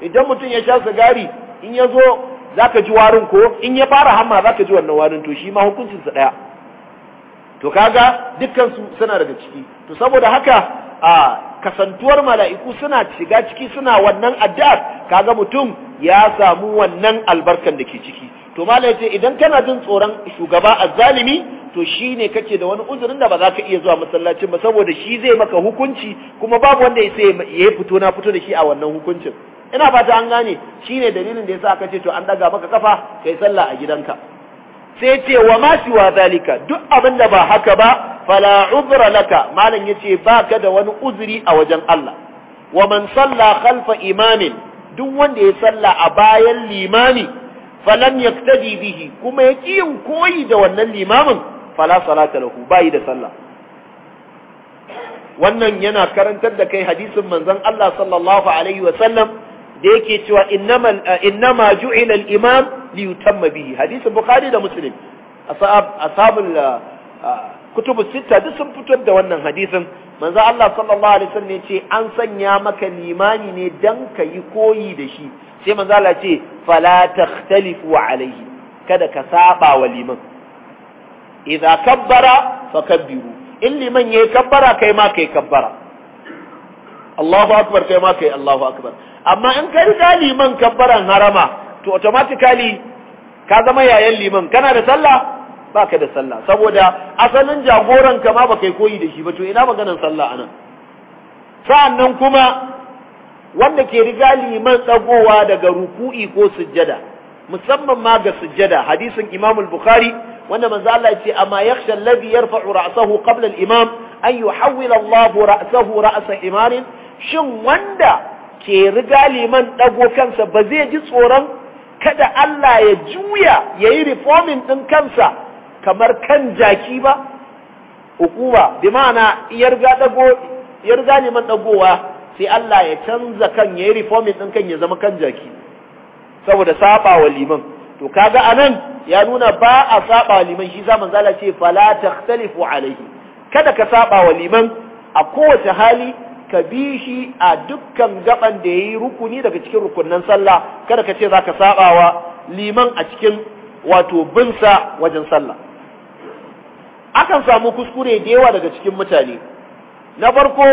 idan mutum ya sha sigari in ya zo zaka ji warin ko in ya fara hamma zaka ji wannan warin to shi ma hukuncin sa daya to kaga dukkan su suna daga ciki to saboda haka a kasantuwar mala'iku suna shiga ciki suna wannan addu'ar kaga mutum ya samu wannan albarkan da ke ciki to malai ce idan kana jin tsoron shugaba azzalimi to shine kake da wani uzurin da ba za ka iya zuwa masallacin ba saboda shi zai maka hukunci kuma babu wanda ya ya fito na fito da shi a wannan hukuncin ina fata an gane shine dalilin da yasa aka ce to an daga maka kafa kai sallah a gidanka sai ce wa ma siwa zalika duk abin da ba haka ba fala uzra laka malam yace baka da wani uzuri a wajen Allah wa man salla khalfa imamin duk wanda ya salla a bayan limami falam yaktadi bihi kuma ya yin koyi da wannan limamin fala salata lahu bai da sallah wannan yana karantar da kai hadisin manzon Allah sallallahu alaihi wa sallam da yake cewa innama innama ju'ila al-imam li yutamma bihi hadisin bukhari da muslim ashab ashabul uh, uh, kutubu sita duk sun fitar da wannan hadisin manzo Allah sallallahu alaihi wa wasallam ce an sanya maka limani ne dan ka yi koyi da shi sai manzo Allah ce fala takhtalifu alaihi kada ka saba wa liman idza kabbara fakabbiru in liman yayi kabbara kai ma kai kabbara Allahu akbar kai ma kai Allahu akbar amma in ka riga liman kabbaran harama to automatically ka zama yayan liman kana da sallah baka da sallah saboda asalin jagoran ka ma baka koyi da shi ba to ina maganar sallah anan sa'annan kuma wanda ke riga liman dagowa daga ruku'i ko sujjada musamman ma ga sujjada hadisin Imam al-Bukhari wanda manzo Allah yace amma yakhsha alladhi yarfa'u ra'sahu qabla al-imam an yuhawwila Allahu ra'sahu ra'sa imanin, shin wanda ke riga liman dago kansa ba zai ji tsoron kada Allah ya juya yayi reforming din kansa kamar kan jaki ba hukuma bi ma'ana yarga dago yarga liman dagowa sai Allah ya canza kan ya yi reforming ɗin kan ya zama kan jaki saboda saba wa liman to kaga anan ya nuna ba a saba wa liman shi zaman zala ce fala takhtalifu alaihi kada ka saba wa liman a kowace hali ka bi shi a dukkan gaban da yayi rukuni daga cikin rukunnan sallah kada ka ce zaka saba wa liman a cikin wato binsa wajen sallah akan samu kuskure da yawa daga cikin mutane na farko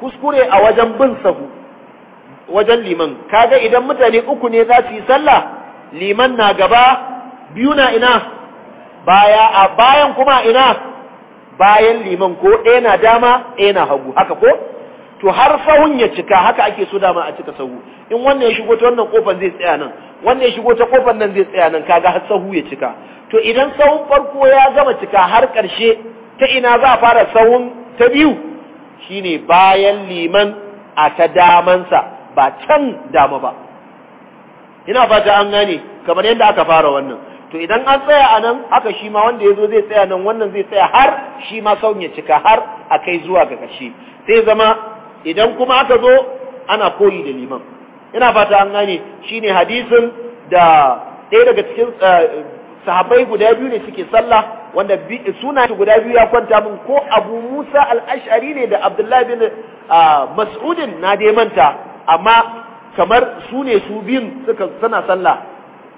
kuskure a wajen bin sahu wajen liman kaga idan mutane uku ne za su yi sallah liman na gaba biyu na ina baya a bayan kuma ina bayan liman ko ɗaya na dama ɗaya na hagu haka ko to har sahun ya cika haka ake so dama a cika sahu in wannan ya shigo ta wannan kofar zai tsaya nan wannan ya shigo ta kofar nan zai tsaya nan kaga har sahu ya cika to idan sahun farko ya gama cika har ƙarshe ta ina za a fara sahun ta biyu shine bayan liman a ta damansa ba can dama ba ina fata an gane kamar yadda aka fara wannan to idan an tsaya a nan haka shi ma wanda ya zo zai tsaya nan wannan zai tsaya har shi ma sauyin ya cika har a kai zuwa ga ƙarshe sai zama idan kuma aka zo ana koyi da liman ina fata an gane shine hadisin da ɗaya daga cikin eh, sahabai guda biyu ne suke sallah wanda suna shi guda biyu ya kwanta min ko Abu Musa al-Ash'ari ne da Abdullahi bin ah, Mas'udin na dai manta amma kamar su ne su biyun suka suna sallah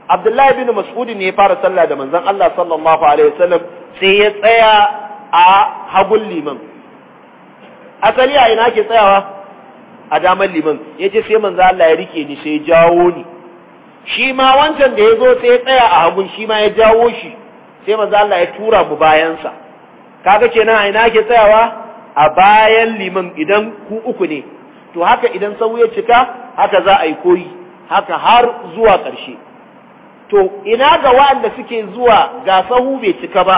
Abdullahi bin Mas'udin ne ya fara sallah da manzon Allah sallallahu alaihi wasallam sai ya tsaya a hagun liman asali a ina ake tsayawa a daman liman yace sai manzon Allah ya rike ni sai jawo ni shi ma wancan da ya zo sai ya tsaya a hagun shi ma ya jawo shi sai maza Allah ya tura mu bayansa kaga kenan a ina ke tsayawa a bayan liman idan ku uku ne to haka idan sau ya cika haka za a yi koyi haka har zuwa ƙarshe to ina ga waɗanda suke zuwa ga sahu bai cika ba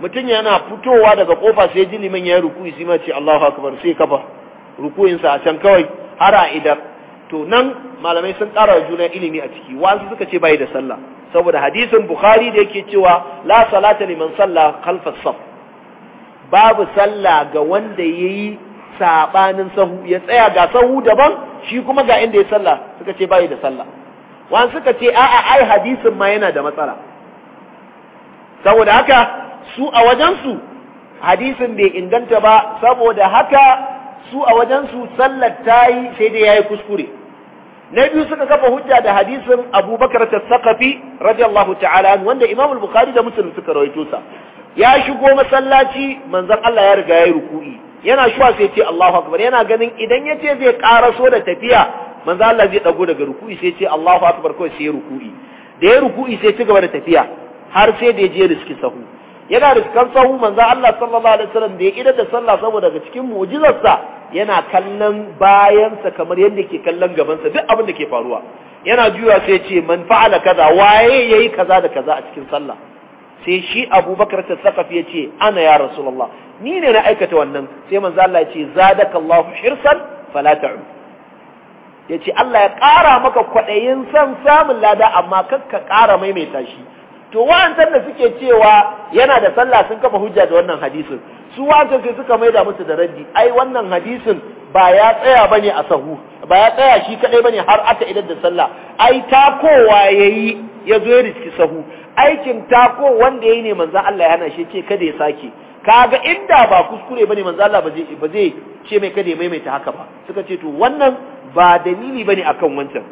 mutum yana fitowa daga kofa sai ji liman ya yi ruku'i sai ma ce Allahu akbar sai kafa rukuyinsa a can kawai har a idan to nan malamai sun ƙara juna ilimi a ciki wasu suka ce bai da sallah saboda hadisin bukhari da yake cewa la salata liman salla khalfas saf babu sallah ga wanda yayi sabanin sahu ya tsaya ga sahu daban shi kuma ga inda ya sallah suka ce bai da sallah wasu suka ce a'a ai hadisin ma yana da matsala saboda haka su a wajen hadisin bai inganta ba saboda haka su a wajensu su sallar tayi sai dai yayi kuskure na biyu suka kafa hujja da hadisin abubakar tasakafi radiyallahu ta'ala wanda imamul bukhari da muslim suka rawaito sa ya shigo masallaci manzon Allah ya riga ya ruku'i yana shuwa sai ce Allahu akbar yana ganin idan yace zai karaso da tafiya manzon Allah zai dago daga ruku'i sai ce Allahu akbar kawai sai ruku'i da ya ruku'i sai ci gaba da tafiya har sai da ya je riski sahu yana riskan sahu manzon Allah sallallahu alaihi wasallam da ya idar da sallah saboda daga cikin mu'jizarsa yana kallon bayansa kamar yadda yake kallon gabansa duk abin da ke faruwa yana juya sai ce man fa'ala kaza waye yayi kaza da kaza a cikin sallah sai shi Abubakar Sakafi ya ce ana ya Rasulullah ni ne na aikata wannan sai manzan Allah ya ce zadakallahu hirsan fala ta'ud ya ce Allah ya ƙara maka kwaɗayin son samun lada amma kakka ƙara maimaita shi to wa'ansan da suke cewa yana da sallah sun kafa hujja da wannan hadisin su wa'ansan sai suka maida musu da raddi ai wannan hadisin ba ya tsaya bane a sahu ba ya tsaya shi kadai bane har aka idan da sallah ai takowa yayi ya zo ya riski sahu aikin tako wanda yayi ne manzo Allah ya hana shi ce kada ya sake kaga inda ba kuskure bane manzo Allah ba zai ba zai ce mai kada ya maimaita haka ba suka ce to wannan ba dalili bane akan wancan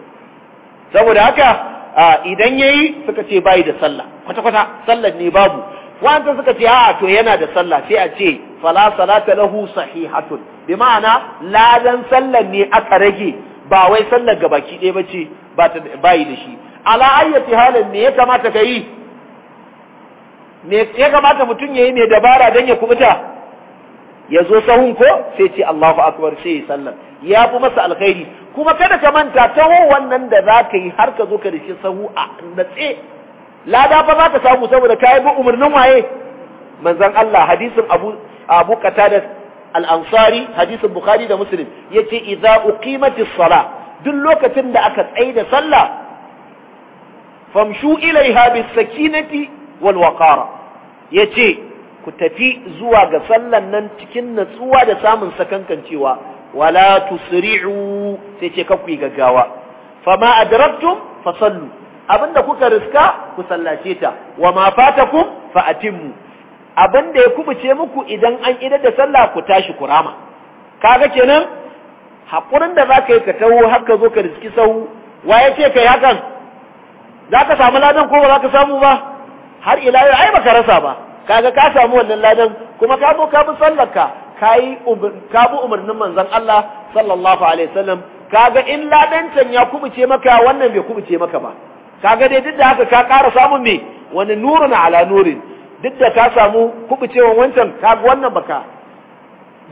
saboda haka a idan yayi suka ce bai da sallah kwata kwata sallah ne babu wanda suka ce a to yana da sallah sai a ce fala salata lahu sahihatun bi ma'ana ladan sallah ne aka rage ba wai sallar baki ɗaya bace ba ta bai da shi ala ayyati halin ne ya kamata kai me ya kamata mutum yayi mai dabara dan ya kubuta ya zo sahun ko sai ce Allahu akbar sai ya sallam ya fi masa alkhairi kuma kada ka manta taho wannan da za ka yi har ka zo ka rishi sahu a natse lada fa za ka samu saboda ka yi bi umarnin waye manzon Allah hadisin Abu Abu Qatada al-Ansari hadisin Bukhari da Muslim yace idza uqimatis sala duk lokacin da aka tsaida sallah famshu ilaiha bis sakinati wal waqara yace ku tafi zuwa ga sallan nan cikin natsuwa da samun sakankancewa wala tusri'u sai ce kaku gaggawa fama adraktum sallu. abinda kuka riska ku sallace ta wa ma fatakum fa atimmu abinda ya kubuce muku idan an ida da sallah ku tashi kurama. kaga kenan hakurin da zaka yi ka taho har ka zo ka riski sahu wa yace kai hakan zaka samu ladan ko ba zaka samu ba har ila yau ai baka rasa ba kaga ka samu wannan ladan kuma ka zo ka bi ka kai ka bi umarnin manzon Allah sallallahu alaihi wasallam kaga in ladan can ya kubuce maka wannan bai kubuce maka ba kaga dai duk da haka ka kara samun me wani nurun ala nurin duk da ka samu kubucewan wancan kaga wannan baka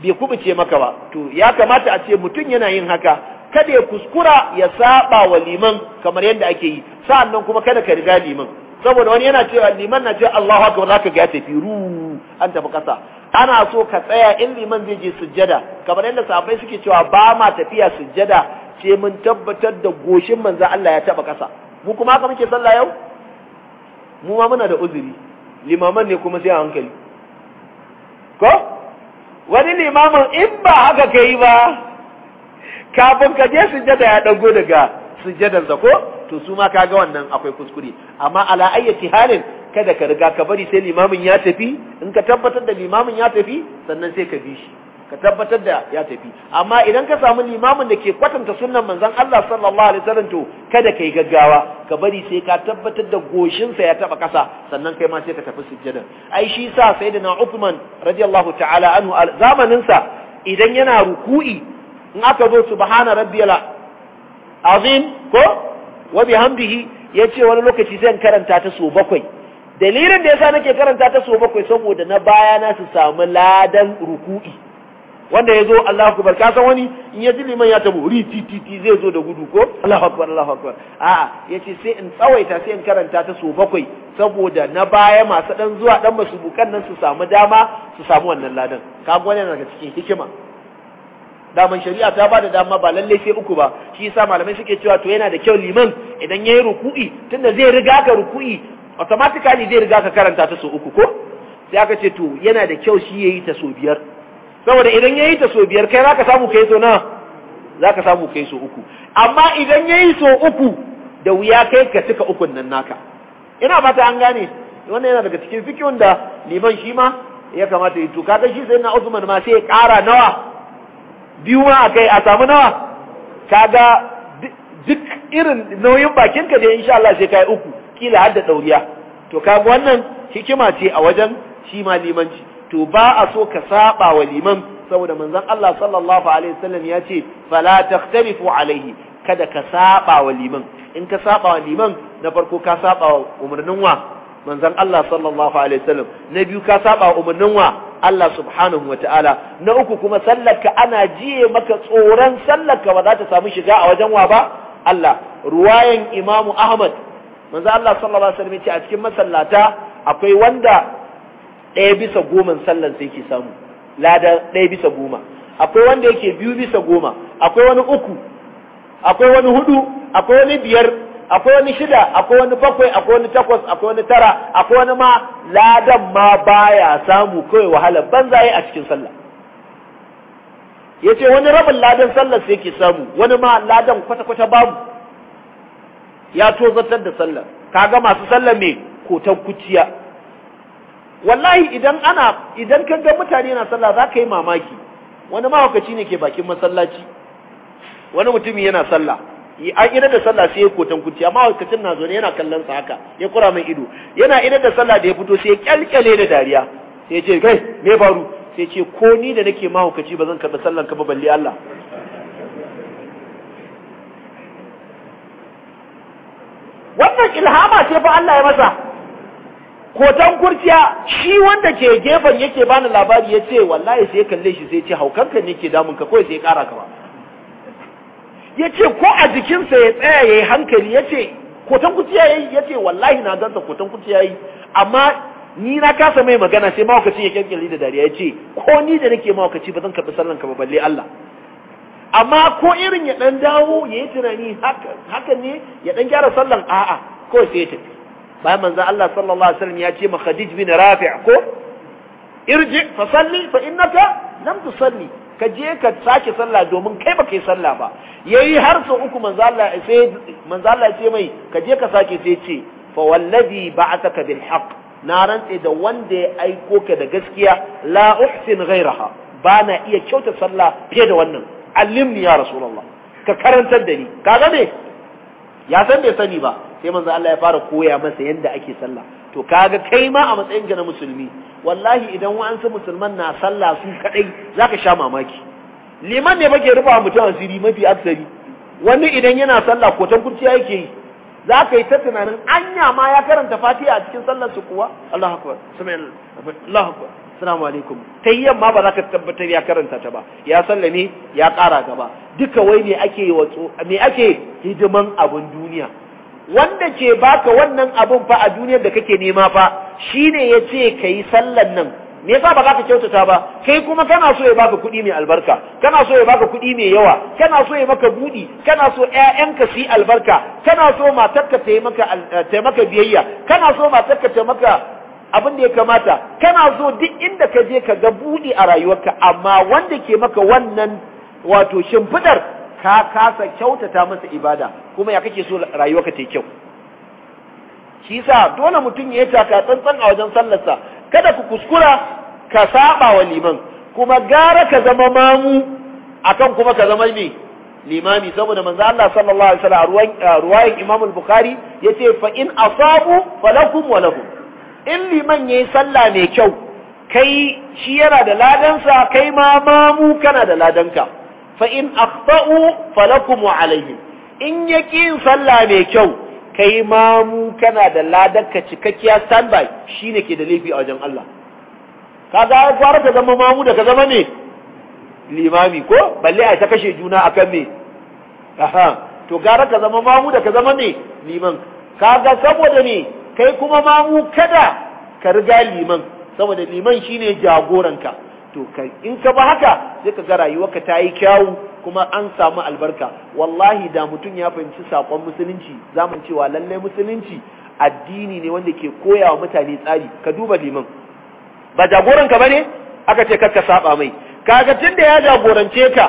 bai kubuce maka ba to ya kamata a ce mutum yana yin haka kada ya kuskura ya saba wa liman kamar yadda ake yi sa'annan kuma kada ka riga liman saboda wani yana cewa liman na ce Allahu akbar zaka ga ya tafi ru an tafi kasa ana so ka tsaya in liman zai je sujjada kamar yadda sahabbai suke cewa ba ma tafiya sujjada ce mun tabbatar da goshin manzo Allah ya taba kasa mu kuma haka muke sallah yau mu ma muna da uzuri limaman ne kuma sai a hankali ko wani limamin in ba haka kai ba kafin ka je sujjada ya dago daga sujjadar sa ko to su ma kaga wannan akwai kuskure amma ala ayyati halin kada ka riga ka bari sai limamin ya tafi in ka tabbatar da limamin ya tafi sannan sai ka bi shi ka tabbatar da ya tafi amma idan ka samu limamin da ke kwatanta sunnan manzon Allah sallallahu alaihi wasallam to kada kai gaggawa ka bari sai ka tabbatar da goshin sa ya taba kasa sannan kai ma sai ka tafi sujjada ai shi sa sayyidina Uthman radiyallahu ta'ala anhu zamanin sa idan yana ruku'i in aka zo subhana rabbiyal azim ko wa bihamdihi yace wani lokaci zan karanta ta so bakwai dalilin da yasa nake karanta ta so bakwai saboda na baya na su samu ladan ruku'i wanda yazo Allahu akbar ka san wani in ya ji liman ya tabo ri ti ti ti zai zo da gudu ko Allahu akbar Allahu akbar a'a yace sai in tsawaita sai in karanta ta so bakwai saboda na baya masu dan zuwa dan masubukan nan su samu dama su samu wannan ladan kaga wannan daga cikin hikima daman shari'a ta ba da dama ba lallai sai uku ba shi yasa malamai suke cewa to yana da kyau liman idan yayi ruku'i tunda zai riga ka ruku'i automatically zai riga ka karanta ta so uku ko sai aka ce to yana da kyau shi yayi ta so biyar saboda idan yayi ta so biyar kai zaka samu kai so na zaka samu kai so uku amma idan yayi so uku da wuya kai ka cika ukun nan naka ina fata an gane wannan yana daga cikin fikihun da liman shi ma ya kamata ya to kaga shi sai na Uthman ma sai ya kara nawa biyu ma akai a samu nawa kaga duk irin nauyin bakin ka dai insha Allah sai kai uku kila har da dauriya to kaga wannan hikima ce a wajen shi ma limanci to ba a so ka saba wa liman saboda manzon Allah sallallahu alaihi wasallam ya ce fala takhtalifu alaihi kada ka saba wa liman in ka saba wa liman na farko ka saba wa umarnin wa manzon Allah sallallahu alaihi wasallam na biyu ka saba umarnin wa Allah subhanahu wataala na uku kuma sallarka ana jiye maka tsoron sallarka ba za ta samu shiga a wajen wa ba Allah ruwayan Imam Ahmad manzon Allah sallallahu alaihi wasallam ce a cikin masallata akwai wanda ɗaya bisa goma sallar sai yake samu lada ɗaya bisa goma akwai wanda yake biyu bisa goma akwai wani uku akwai wani hudu akwai wani biyar akwai wani shida akwai wani bakwai akwai wani takwas akwai wani tara akwai wani ma ladan ma baya samu kawai wahala yi a cikin sallah yace wani rabin ladan sallar sai yake samu wani ma ladan kwata kwata babu ya tozartar da sallar kaga masu sallar me kotan kuciya wallahi idan ana idan ka ga mutane yana sallah za ka yi mamaki wani mahaukaci ne ke bakin masallaci wani mutumi yana sallah an idar da sallah sai ya kotan kunci amma wakacin na zaune yana kallon sa haka ya kura mai ido yana idar da sallah da ya fito sai ya kyalkyale da dariya sai ya ce kai me faru sai ce ko ni da nake mahaukaci ba zan karɓi sallan ka ba balle Allah wannan ilhama ce fa Allah ya masa kotan kurciya shi wanda ke gefen yake bani labari ya ce wallahi sai kalle shi sai ce haukanka ne ke damun ka kawai sai ya kara ka ba ya ce ko a jikinsa ya tsaya ya yi hankali ya ce kotan kuciya ya yi ya ce wallahi na gansa kotan kuciya ya yi amma ni na kasa mai magana sai mawakaci ya kyankyali da dariya ya ce ko ni da nake mawakaci ba zan karɓi sallan ka ba balle Allah amma ko irin ya dan dawo ya yi tunani haka ne ya dan gyara sallan a'a ko sai ya tafi bayan manzon Allah sallallahu alaihi wasallam ya ce ma Khadij bin Rafi' ko irji fa salli fa innaka lam tusalli ka je ka sake sallah domin kai baka yi sallah ba yayi har sau uku manzo Allah sai manzo Allah ce mai ka je ka sake sai ce fa wallazi ba'ataka bil haqq na rantse da wanda ya aiko ka da gaskiya la uhsin ghayraha ba na iya kyauta sallah fiye da wannan allimni ya rasulullah ka karantar da ni kaga ne ya san bai sani ba sai manzo Allah ya fara koya masa yanda ake sallah to kaga kai ma a matsayinka na musulmi wallahi idan wa'ansu musulman na sallah su kadai zaka sha mamaki liman ne bake rufa mutum asiri mafi aksari wani idan yana sallah kotan kurciya yake yi za ka yi ta tunanin anya ma ya karanta fatiha a cikin sallar su kuwa Allahu akbar sami'an Allahu akbar assalamu alaikum tayyan ma ba zaka tabbatar ya karanta ta ba ya sallame ya kara gaba duka wai me ake yi me ake hidiman abun duniya wanda ke baka wannan abun fa a duniyar da kake nema fa shine ya ce kayi sallan nan me yasa ba za ka kyautata ba kai kuma kana so ya baka kuɗi mai albarka kana so ya baka kuɗi mai yawa kana so ya maka budi kana so ƴaƴanka su yi albarka kana so matarka ta yi maka ta yi maka biyayya kana so matarka ta maka abin da ya kamata kana so duk inda ka je ka ga budi a rayuwarka amma wanda ke maka wannan wato shimfidar ka kasa kyautata masa ibada kuma ya kake so rayuwa ka ta kyau shi yasa dole mutum ya taka tsantsan a wajen sallarsa kada ku kuskura ka saba wa liman kuma gara ka zama mamu akan kuma ka zama ne limami saboda manzo Allah sallallahu alaihi wasallam ruwayan ruwayin Imam al-Bukhari yace fa in asabu falakum wa lahum in liman yayi sallah mai kyau kai shi yana da ladan sa kai ma mamu kana da ladanka fa in aqta'u falakum alaihim in yin salla mai kyau kai ma mu kana da ladarka cikakkiya standby shine ke da laifi a wajen Allah kaga fara ka zama mamu da ka zama ne limami ko balle a ta kashe juna akan me aha to gara ka zama mamu da ka zama ne liman kaga saboda ne kai kuma mamu kada ka riga liman saboda liman shine jagoranka to in ka ba haka sai ka ga rayuwarka ta yi kyawu kuma an samu albarka wallahi da mutum ya fahimci sakon musulunci zamu cewa lalle musulunci addini ne wanda ke koya wa mutane tsari ka duba liman ba jagoranka bane aka ce karka saba mai kaga tunda ya jagorance ka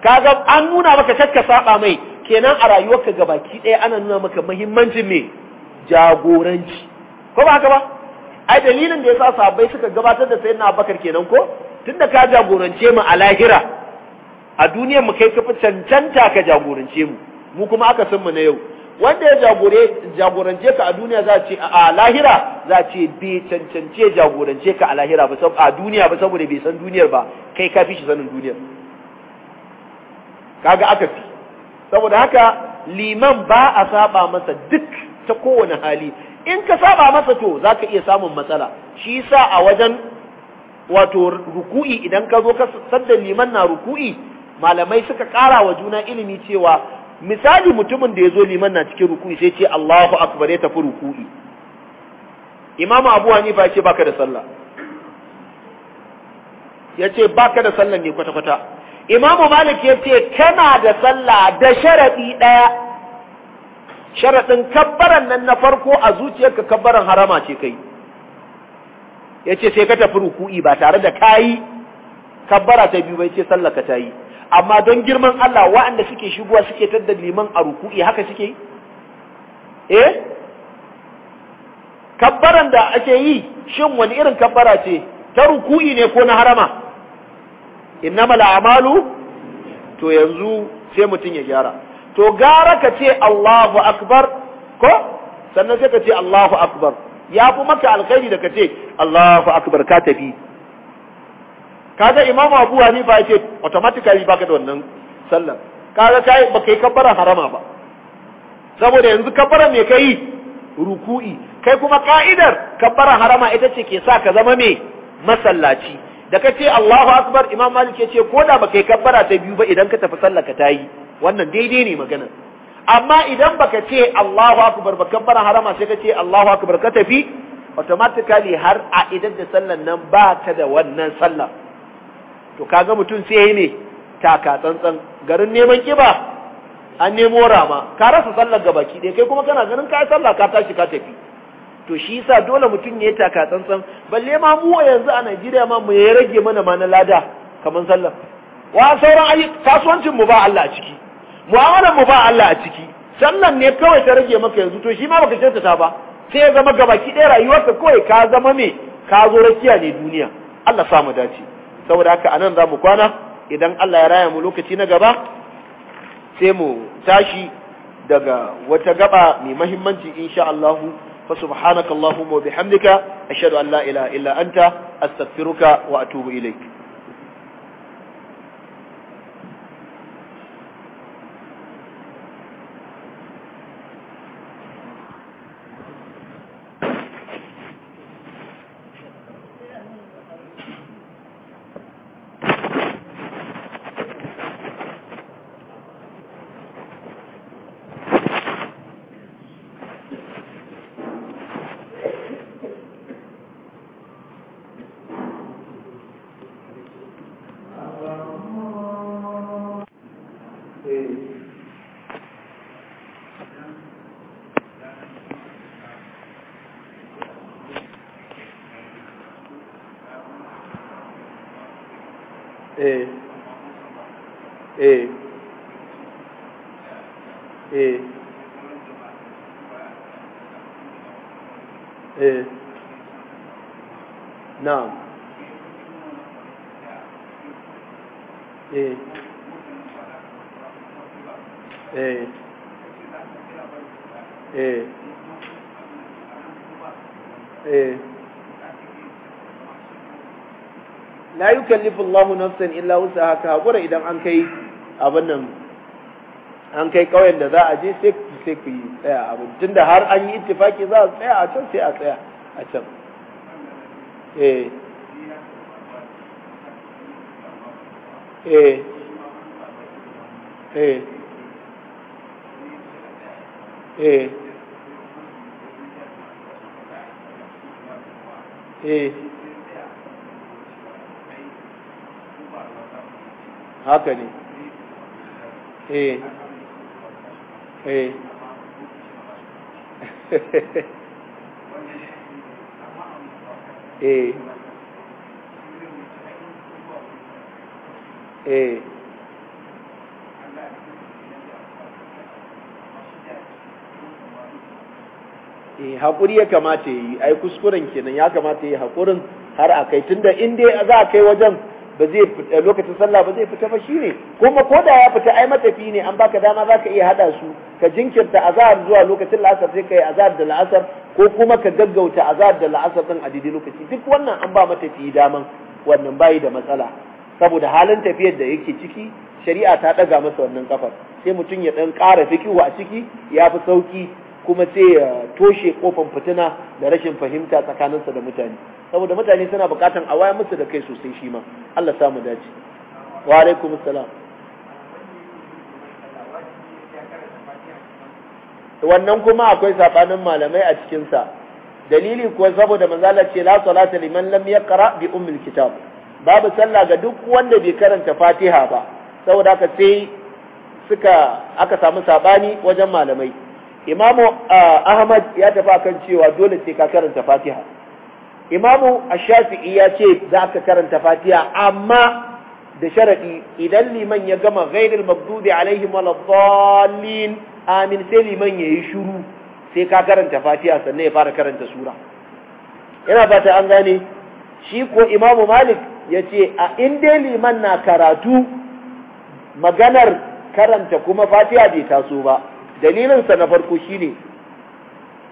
kaga an nuna maka karka saba mai kenan a rayuwarka gabaki ɗaya ana nuna maka muhimmancin me jagoranci ko ba haka ba ai dalilin da yasa sahabbai suka gabatar da sayyidina Abubakar kenan ko tunda ka jagorance mu a lahira a duniyar mu kai ka fi cancanta ka jagorance mu mu kuma aka san mu na yau wanda ya jagorance ka a duniya za ce a lahira za ce bai cancance jagorance ka a lahira ba a duniya ba saboda bai san duniyar ba kai ka fi shi sanin duniyar kaga aka fi saboda haka liman ba a saba masa duk ta kowane hali in ka saba masa to zaka iya samun matsala shi yasa a wajen wato ruku'i idan ka zo ka sadda liman na ruku'i malamai suka kara wa juna ilimi cewa misali mutumin da ya zo liman na cikin ruku'i sai ce Allahu akbar ya tafi ruku'i Imam Abu Hanifa ce baka da sallah ya ce baka da sallah ne kwata kwata Imam Malik ya ce kana da sallah da sharadi daya sharadin kabbaran nan na farko a zuciyarka kabbaran harama ce kai yace sai ka tafi ruku'i ba tare da kayi kabbara ta biyu ba ce sallaka ka tayi amma don girman Allah waɗanda suke shigowa suke tadda liman a ruku'i haka suke eh kabbaran da ake yi shin wani irin kabbara ce ta ruku'i ne ko na harama innamal a'malu to yanzu sai mutum ya gyara to gara ka ce Allahu akbar ko sannan sai ka ce Allahu akbar ya fi maka alkhairi da ka ce Allahu akbar ka tafi kaga imamu Abu Hanifa ya ce automatically baka da wannan sallan kaga kai baka yi kabbara harama ba saboda yanzu kabbara me kai ruku'i kai kuma ka'idar kabbara harama ita ce ke sa ka zama mai masallaci da ka ce Allahu akbar Imam Malik ya ce ko da baka yi kabbara ta biyu ba idan ka tafi sallar ka tayi wannan daidai ne magana amma idan baka ce Allahu akbar baka bar harama sai ka ce Allahu akbar ka tafi automatically har a idan da sallan nan ba ta da wannan salla to kaga mutum sai ne taka tsantsan garin neman kiba an nemo rama ka rasa sallar ga baki dai kai kuma kana ganin ka sallah ka tashi ka tafi to shi yasa dole mutum ya taka tsantsan balle ma mu yanzu a Najeriya ma mu ya rage mana ma na lada kaman sallar wa sauran ayi kasuwancin mu ba Allah a ciki mu'amalar mu ba Allah a ciki sallan ne kawai ta rage maka yanzu to shi ma baka ta ba sai ya zama gabaki ɗaya rayuwarka kawai ka zama me ka zo rakiya ne duniya Allah sa mu dace saboda haka anan za mu kwana idan Allah ya raya mu lokaci na gaba sai mu tashi daga wata gaba mai mahimmanci insha Allah fa hamdika wa bihamdika illa anta astaghfiruka wa atubu eh eh eh eh na'am eh eh eh eh la yukallifu Allahu nafsan illa wusaha ka gura idan an kai abin nan an kai kauyen da za a je sai sai ku yi tsaya abin tunda har an yi ittifaki za a tsaya a can sai a tsaya a can eh eh eh eh eh haka ne eh eh. eh eh eh haƙuri ya kamata yi ai kuskuren kenan ya kamata yi haƙurin har a kai tunda in dai za a kai wajen ba zai lokacin sallah ba zai fita ba shine kuma ko da ya fita ai matafi ne an baka dama zaka iya hada su ka jinkirta azhar zuwa lokacin la'asar sai kai azhar da la'asar ko kuma ka gaggauta azhar da la'asar din a daidai lokaci duk wannan an ba matafi daman wannan bayi da matsala saboda halin tafiyar da yake ciki shari'a ta daga masa wannan kafar sai mutum ya dan ƙara fikihu a ciki ya fi sauki kuma sai ya toshe kofan fitina da rashin fahimta tsakaninsa da mutane saboda mutane suna bukatan a waya musu da kai sosai shi ma Allah samu dace wa alaikum assalam wannan kuma akwai sabanin malamai a cikin sa dalili kuwa saboda manzala ce la salata liman lam yaqra bi ummil kitab babu sallah ga duk wanda bai karanta Fatiha ba saboda ka sai suka aka samu sabani wajen malamai imamu ah, ahmad ya tafi akan cewa dole sai ka karanta fatiha imamu ash-shafi'i ya ce za ka karanta fatiha amma da sharadi idan liman ya gama ghairil maghdubi alaihim waladdallin amin sai liman yayi shiru sai ka karanta fatiha sannan ya fara karanta sura ina fata an gane shi ko imamu malik ya ce a in dai liman na karatu maganar karanta kuma fatiha bai taso ba dalilinsa na farko shine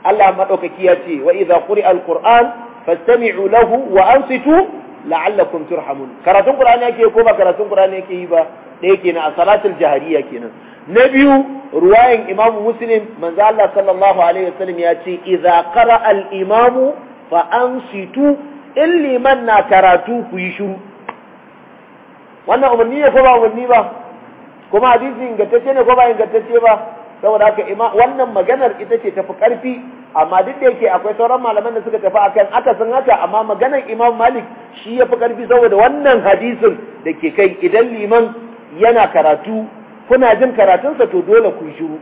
Allah maɗaukaki ya ce wa idza quri'a alquran fastami'u lahu wa ansitu la'allakum turhamun karatun qur'ani yake ko ba karatun qur'ani yake yi ba da yake a salatul jahariya kenan na biyu ruwayan imam muslim manzo Allah sallallahu alaihi wasallam ya ce idza qara'a al-imam fa ansitu in liman na karatu ku yi shiru wannan umarni ne ko ba umarni ba kuma hadisi ingantacce ne ko ba ingantacce ba saboda haka wannan maganar ita ce tafi karfi amma duk da yake akwai sauran malaman da suka tafi akan aka san haka amma maganar Imam Malik shi yafi karfi saboda wannan hadisin da ke kai idan liman yana karatu kuna jin karatunsa to dole ku shiru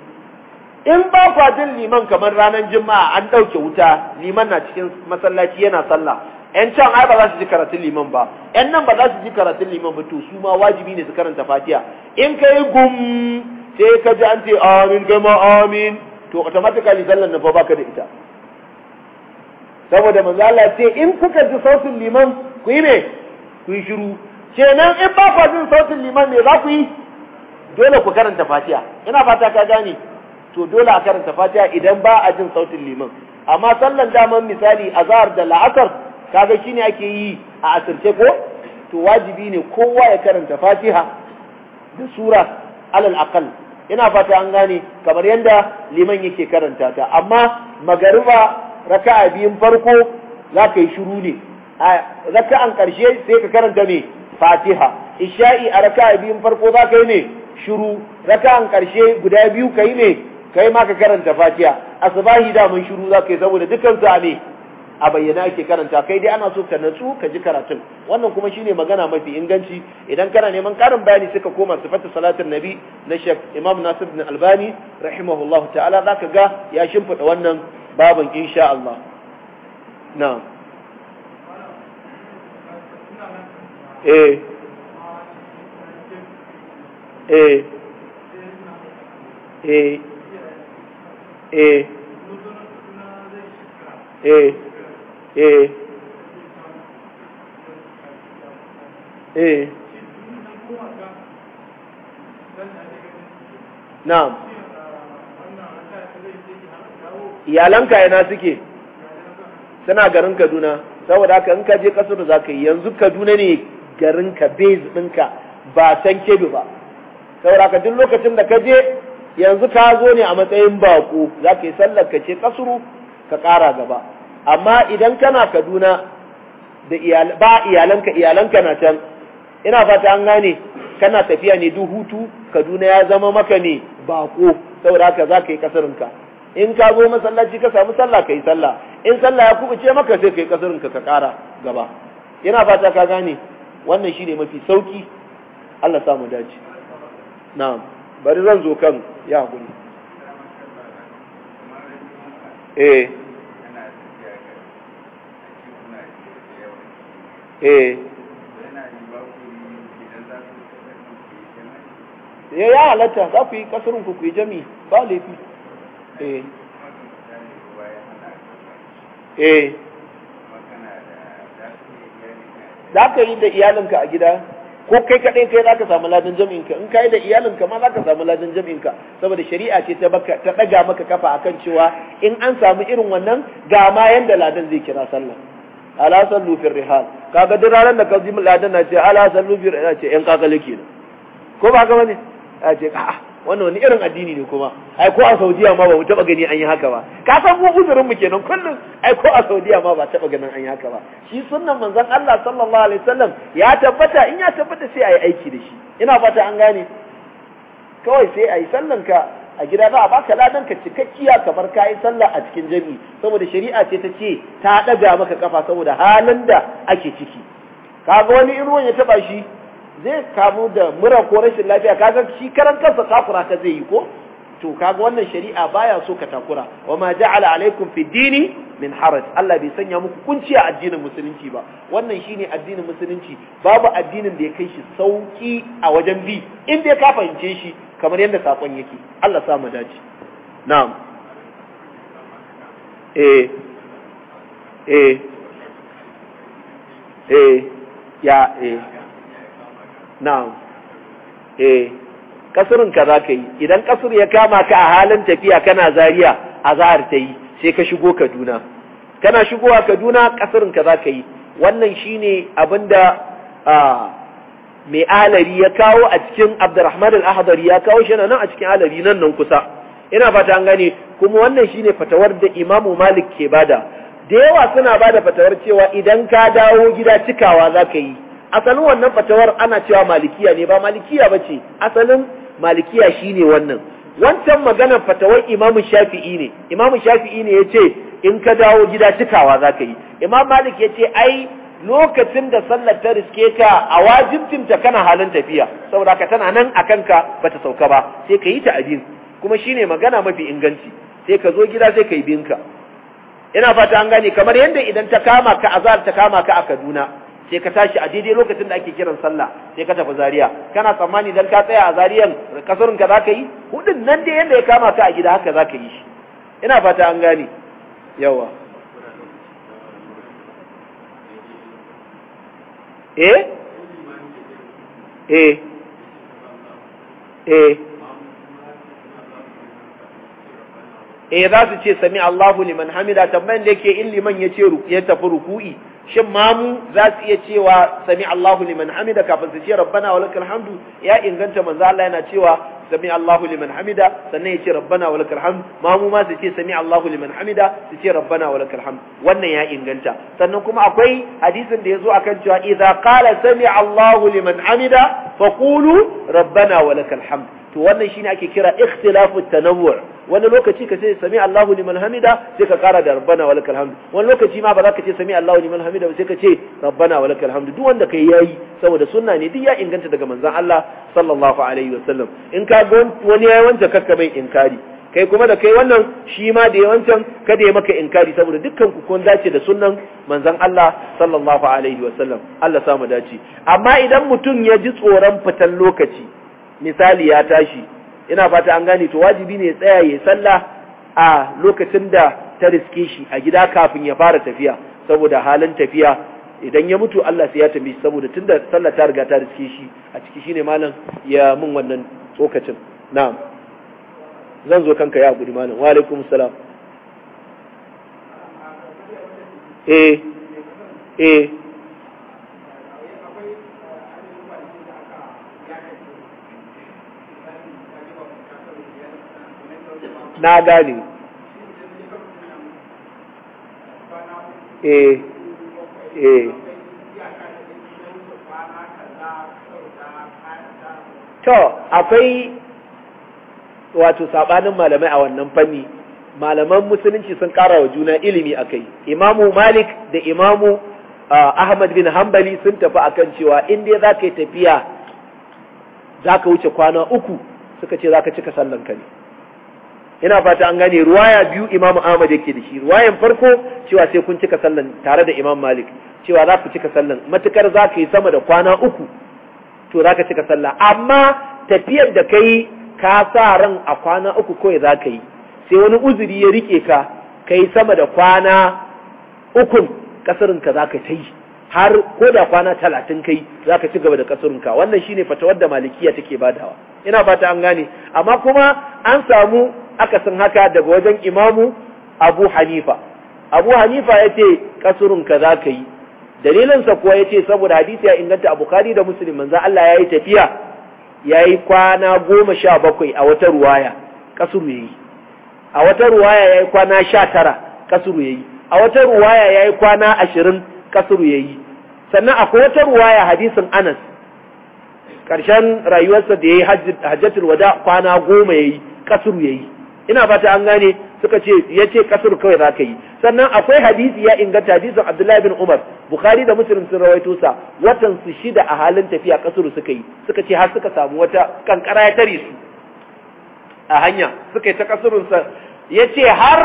in ba kwa jin liman kamar ranar juma'a an ɗauke wuta liman na cikin masallaci yana sallah yan can ai ba za su ji karatun liman ba yan nan ba za su ji karatun liman ba to su ma wajibi ne su karanta fatiha in kai gum sai ka ji an ce amin gama amin to automatically sallar nan fa baka da ita saboda manzo Allah ce in kuka ji sautin liman ku yi me ku yi shiru kenan in ba ku jin sautin liman me za ku yi dole ku karanta fatiha ina fata ka gane to dole a karanta fatiha idan ba a jin sautin liman amma sallan daman misali azhar da la'asar kaga shine ake yi a asirce ko to wajibi ne kowa ya karanta fatiha da sura alal aqal ina fata an gane kamar yadda liman yake karanta ta amma magariba raka'a biyun farko za ka yi shiru ne a raka'an karshe sai ka karanta ne fatiha isha'i a raka'a biyun farko za ka yi ne shiru raka'an karshe guda biyu ka yi ne kai ma ka karanta fatiha asubahi da mun shiru za ka yi saboda dukkan su a ne a bayyana ake karanta kai dai ana so ka natsu ka ji karatun wannan kuma shine magana mafi inganci idan kana neman karin bayani suka koma sifatu salatin nabi na Sheikh Imam Nasir bin Albani rahimahullah ta'ala zaka ga ya shimfida wannan baban insha Allah na'am eh eh eh eh eh eh eh na'am iyalanka yana suke suna garin kaduna saboda haka in ka je kasar da za ka yi yanzu kaduna ne garinka base ɗinka ba can kebe ba saboda haka duk lokacin da ka je yanzu ka zo ne a matsayin bako za ka yi sallar ka ce kasuru ka ƙara gaba amma idan kana kaduna da ba iyalanka iyalanka na can ina fata an gane kana tafiya ne duk hutu kaduna ya zama maka ne bako saboda haka za ka yi kasarinka in ka zo masallaci ka samu sallah ka yi sallah in sallah ya kubuce maka sai ka yi kasarinka ka kara gaba ina fata ka gane wannan shine mafi sauki Allah sa mu dace na'am bari zan zo kan ya hakuri eh eh ya eh, ya halatta za ku yi kasurin ku yi jami ba laifi eh eh za ka yi da iyalinka a gida ko kai kaɗai kai za ka samu ladan jami'inka in ka yi da iyalinka ma za ka samu ladan jami'inka saboda shari'a ce ta ɗaga maka kafa akan cewa in an samu irin wannan ga ma yanda ladan zai kira sallah ala sallu fil rihal kaga duk ranar da ka ji ladan na ce ala sallu fil rihal ce yan kakale kenan ko ba haka bane a ce a'a wannan wani irin addini ne kuma ai ko a Saudiya ma ba mu taba gani an yi haka ba ka san mu uzurin mu kenan kullum ai ko a Saudiya ma ba taba ganin an yi haka ba shi sunnan manzon Allah sallallahu alaihi wasallam ya tabbata in ya tabbata sai ayi aiki da shi ina fata an gane kawai sai ayi sallan ka a gida za a baka ladan ka cikakkiya kamar kayi sallah a cikin jami saboda shari'a ce ta ce ta daga maka kafa saboda halin da ake ciki kaga wani in ruwan ya taba shi zai kamu da mura ko rashin lafiya kaga shi karan kansa takura ka zai yi ko to kaga wannan shari'a baya so ka takura wa ma ja'ala alaikum fi dini min haraj Allah bai sanya muku kunci a addinin musulunci ba wannan shine addinin musulunci babu addinin da ya kai shi sauki a wajen bi in dai ka fahimce shi kamar yadda sakon yake Allah sa mu dace na'am eh eh eh ya eh na'am eh kasurin ka za ka yi idan kasur ya kama ka a halin tafiya kana zariya a zahar ta yi sai ka shigo kaduna kana shigowa kaduna kasurin ka za ka yi wannan shine abinda ah, mai alari ya kawo a cikin abdurrahman al ya kawo shi nan a cikin alari nan nan kusa ina fata an gane kuma wannan shine fatawar da imamu malik ke bada da yawa suna bada fatawar cewa idan ka dawo gida cikawa za ka yi asalin wannan fatawar ana cewa malikiya ne ba malikiya ba ce asalin malikiya shine wannan wancan maganar fatawar imamu shafi'i ne imamu shafi'i ne ya ce in ka dawo gida cikawa za ka yi imam malik ya ce ai lokacin da sallar ta riske ka a wajibcin ta kana halin tafiya saboda ka tana nan a kanka ba ta sauka ba sai ka yi ta abin kuma shine magana mafi inganci sai ka zo gida sai ka yi binka ina fata an gane kamar yadda idan ta kama ka azar ta kama ka a Kaduna sai ka tashi a daidai lokacin da ake kiran sallah sai ka tafi Zaria kana tsammani dan ka tsaya a Zariyan kasurun ka zaka yi hudun nan da yadda ya kama ka a gida haka zaka yi shi ina fata an gane yawa eh e e za su ce sami Allahu liman hamida tambayin da yake in liman ya ya tafi ruku'i shin mamu za su iya cewa sami Allahu liman hamida kafin su ce rabbana wa lakal hamdu ya inganta manzo Allah yana cewa sami Allahu liman hamida sannan ya ce rabbana wa lakal hamdu mamu ma su ce sami Allahu liman hamida su ce rabbana wa lakal hamdu wannan ya inganta sannan kuma akwai hadisin da yazo akan cewa idza qala sami Allahu liman hamida faqulu rabbana wa lakal hamdu to wannan shine ake kira ikhtilafu tanawwu' wani lokaci ka ce sami Allahu liman hamida sai ka kara da rabbana walakal hamd wani lokaci ma ba za ka ce sami Allahu liman hamida ba sai ka ce rabbana walakal hamd duk wanda kai yayi saboda sunna ne duk ya inganta daga manzon Allah sallallahu alaihi wasallam in ka ga wani yayi wancan kakka mai inkari kai kuma da kai wannan shi ma da yawancan kada ya maka inkari saboda dukkan ku kun dace da sunnan manzon Allah sallallahu alaihi wasallam Allah sa mu dace amma idan mutum ya ji tsoron fitan lokaci misali ya tashi ina fata an gane to wajibi ne ya tsaya ya sallah a lokacin da ta riske shi a gida kafin ya fara tafiya saboda halin tafiya idan ya mutu Allah sai ya tambi saboda tunda sallah ta riga ta riske shi a ciki shine malam ya mun wannan tsokacin na'am zan zo kanka ya gudu malam wa alaikum salam eh eh na gane eh eh to akwai wato sabanin malamai a wannan fanni malaman musulunci sun kara wa juna ilimi akai imamu malik da imamu ah, ahmad bin hanbali sun tafi akan cewa in dai za ka tafiya za ka wuce kwana uku suka ce za ka cika sallan ka ne ina fata an gane ruwaya biyu imamu ahmad yake da shi ruwayan farko cewa sai kun cika sallan tare da imam malik cewa za ku cika sallan matukar za ka yi sama da kwana uku to za ka cika salla amma tafiyar da ka yi ka sa ran a kwana uku kawai za ka yi sai wani uzuri ya rike ka ka yi sama da kwana ukun kasarinka za ka ta yi har ko da kwana talatin kai za ka ci gaba da ka wannan shine fatawar da malikiya take badawa ina fata an gane amma kuma an samu san haka daga wajen imamu abu hanifa abu hanifa ya ce kasurun za ka yi dalilinsa kuwa ya ce saboda hadisi ya inganta abu kari da musulun manzan Allah ya yi tafiya ya yi kwana goma sha bakwai a wata ruwaya kasuru ya yi a wata ruwaya ya yi kwana sha tara kasuru ya yi a wata ruwaya ya yi kwana ashirin kasuru ya yi sannan akwai wata ruwaya hadisin anas ƙarshen rayuwarsa da ya yi hajjatul wada kwana goma ya yi kasuru ya yi ina fata an gane suka ce ya ce kasar kawai za ka yi sannan akwai hadisi ya inganta hadisin abdullahi bin umar bukhari da muslim sun rawaito sa watan su shida a halin tafiya kasar suka yi suka ce har suka samu wata kankara ya tare su a hanya suka yi ta kasurun sa ya ce har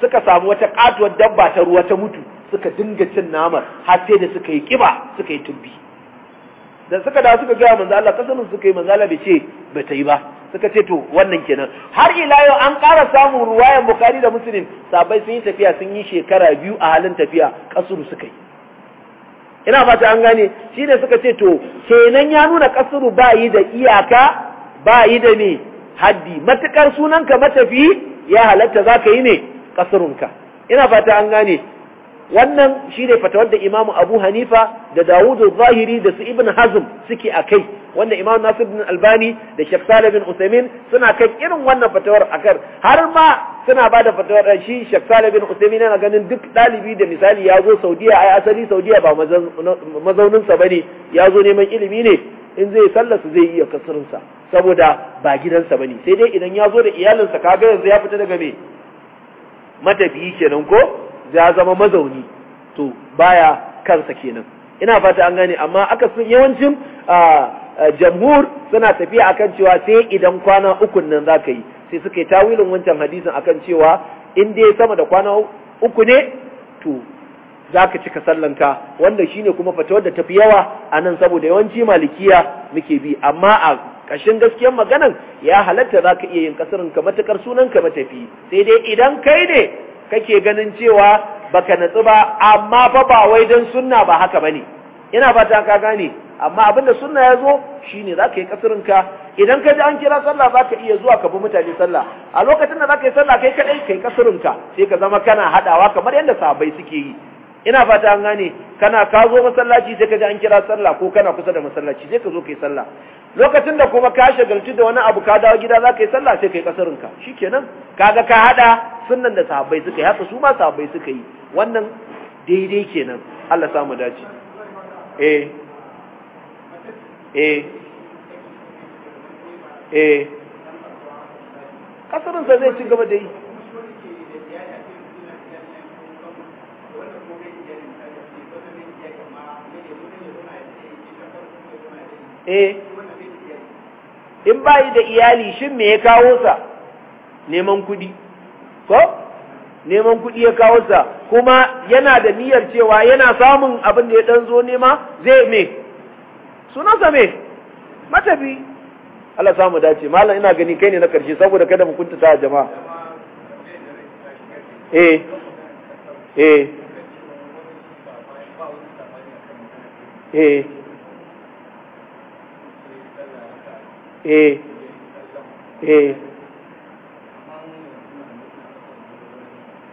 suka samu wata katuwar dabba ta ruwa ta mutu suka dinga cin namar har sai da suka yi kiba suka yi tubbi da suka da suka gaya manzo Allah kasanin suka yi manzo Allah bai ce bai ta yi ba suka ce to wannan kenan har ila yau an ƙara samun ruwayan bukari da muslim sabai sun yi tafiya sun yi shekara biyu a halin tafiya kasuru suka yi ina fata an gane shi ne suka ce to kenan ya nuna kasuru ba yi da iyaka ba yi da me haddi matukar sunanka matafi ya halatta za ka yi ne kasurunka ina fata an gane wannan shi ne fatawar da Imam Abu Hanifa da dawudu zahiri da su Ibn Hazm suke a kai wanda Imam nasu bin Albani da Sheikh Saleh bin usaimin suna kai irin wannan fatawar a akar har ma suna ba da fatawar shi Sheikh Saleh bin usaimin yana ganin duk dalibi da misali ya zo Saudiya a asali Saudiya ba mazauninsa sa bane ya zo neman ilimi ne in zai sallasa zai iya kasarinsa saboda ba gidansa ba ne sai dai idan ya zo da iyalinsa kaga yanzu ya fita daga me matafiyi kenan ko ya zama mazauni to baya kansa kenan ina fata an gane amma aka sun yawancin jamhur suna tafiya akan cewa sai idan kwana uku nan za ka yi sai suka yi tawilin wancan hadisin akan cewa in dai sama da kwana uku ne to za ka cika sallanka wanda shine kuma fatawar da tafi yawa a nan saboda yawanci malikiya muke bi amma a ƙashin gaskiyar maganan ya halatta za ka iya yin ƙasar ka matukar sunan ka matafi sai dai idan kai ne kake ganin cewa baka natsu ba amma fa ba wai dan sunna ba haka bane ina fata ka gane amma abinda sunna ya zo shine za ka yi kasirinka idan ka ji an kira sallah zaka ka iya zuwa ka bi mutane sallah a lokacin da zaka yi sallah kai kaɗai ka yi kasirinka sai ka zama kana haɗawa kamar yadda sahabbai suke yi ina fata an gane kana ka zo masallaci sai ka ji an kira sallah ko kana kusa da masallaci sai ka zo kai sallah lokacin da kuma ka shagalci da wani abu ka dawo gida za ka yi sallah sai ka yi kasarinka shikenan kaga ka hada sunnan da sahabbai suka yi haka su ma sahabbai suka yi wannan daidai kenan Allah samu dace eh eh eh kasarin sa zai ci gaba da yi eh in bayi da iyali shin me ya kawo sa neman kudi ko neman kudi ya kawo sa kuma yana da niyyar cewa yana samun abin da ya dan zo nema zai me sa me matafi Allah sa mu dace malam ina gani kai ne na karshe saboda kada mu ta jama'a eh eh eh eh eh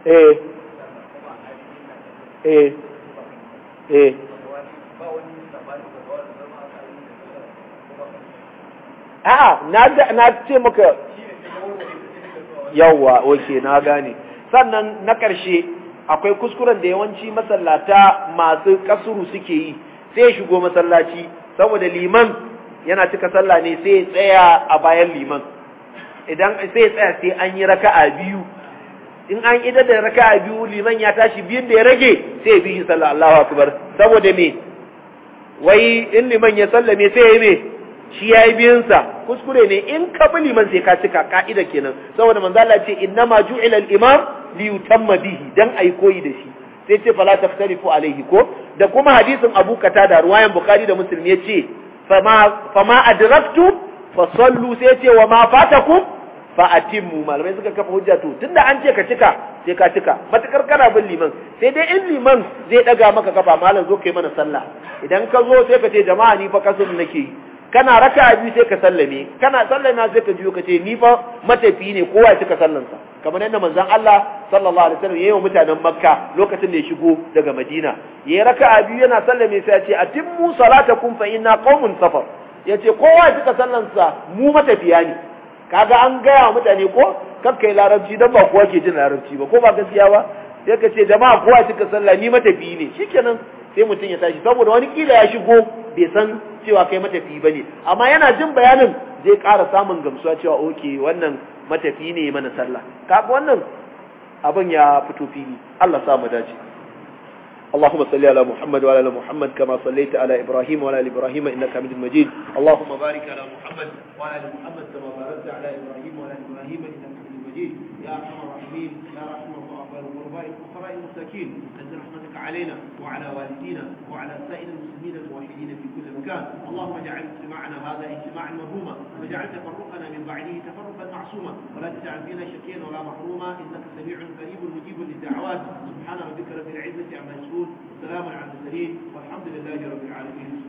eh eh eh a'a na ce maka yawwa oke na gane sannan na ƙarshe akwai kuskuren da yawanci masallata masu kasuru suke yi sai shigo masallaci saboda liman yana cika sallah ne sai ya tsaya a bayan liman idan sai ya tsaya sai an yi raka'a biyu in an idar da raka'a biyu liman ya tashi biyun da ya rage sai ya bi shi sallah Allahu akbar saboda me wai in liman ya sallame sai ya yi me shi yayi biyun sa kuskure ne in ka bi liman sai ka cika ka'ida kenan saboda manzo Allah ce innama ju'ila al-imam li yutamma bihi dan ai koyi da shi sai ce fala taftarifu alaihi ko da kuma hadisin Abu Qatada ruwayan Bukhari da Muslim yace fama adraktu fa sallu sai ce wa ma fatakum fa atimmu malamai suka kafa hujja to tunda an ce ka cika sai ka cika matakar kana bin liman sai dai in liman zai daga maka kafa malam zo kai mana sallah idan ka zo sai ka ce jama'a ni fa kasum nake yi kana raka'a biyu sai ka sallame kana sallama sai ka jiyo ka ce ni fa matafi ne kowa ya cika sallansa kamar yadda manzon Allah sallallahu alaihi wasallam yayin mutanen Makka lokacin da ya shigo daga Madina yayi raka'a biyu yana sallame sai ya ce atimmu salatakum fa inna qaumun safar yace kowa ya cika sallansa mu matafiya ne kaga an gaya mutane ko kar kakkai larabci dan ba kowa ke jin larabci ba ko ba gaskiya ba sai ka ce jama'a kowa cika sallah ni matafiyi ne shikenan sai mutum ya tashi saboda wani kila ya shigo bai san cewa kai matafiyi bane amma yana jin bayanin zai ƙara samun gamsuwa cewa oke wannan matafi ne mana sallah kaga wannan abin ya fito fili Allah sa mu dace اللهم صل على محمد وعلى ال محمد كما صليت على ابراهيم وعلى ال ابراهيم انك حميد مجيد اللهم بارك على محمد وعلى ال محمد كما باركت على ابراهيم وعلى ال ابراهيم انك حميد مجيد يا ارحم الراحمين يا رحمة الله الغرباء الفقراء المساكين علينا وعلى والدينا وعلى سائر المسلمين الموحدين في كل مكان اللهم اجعل اجتماعنا هذا اجتماعا مرهوما واجعل تفرقنا من بعده تفرقا معصوما ولا تجعل فينا شكيا ولا محروما انك سميع قريب مجيب للدعوات سبحان ربك رب العزه عما يصفون سلام على المرسلين والحمد لله رب العالمين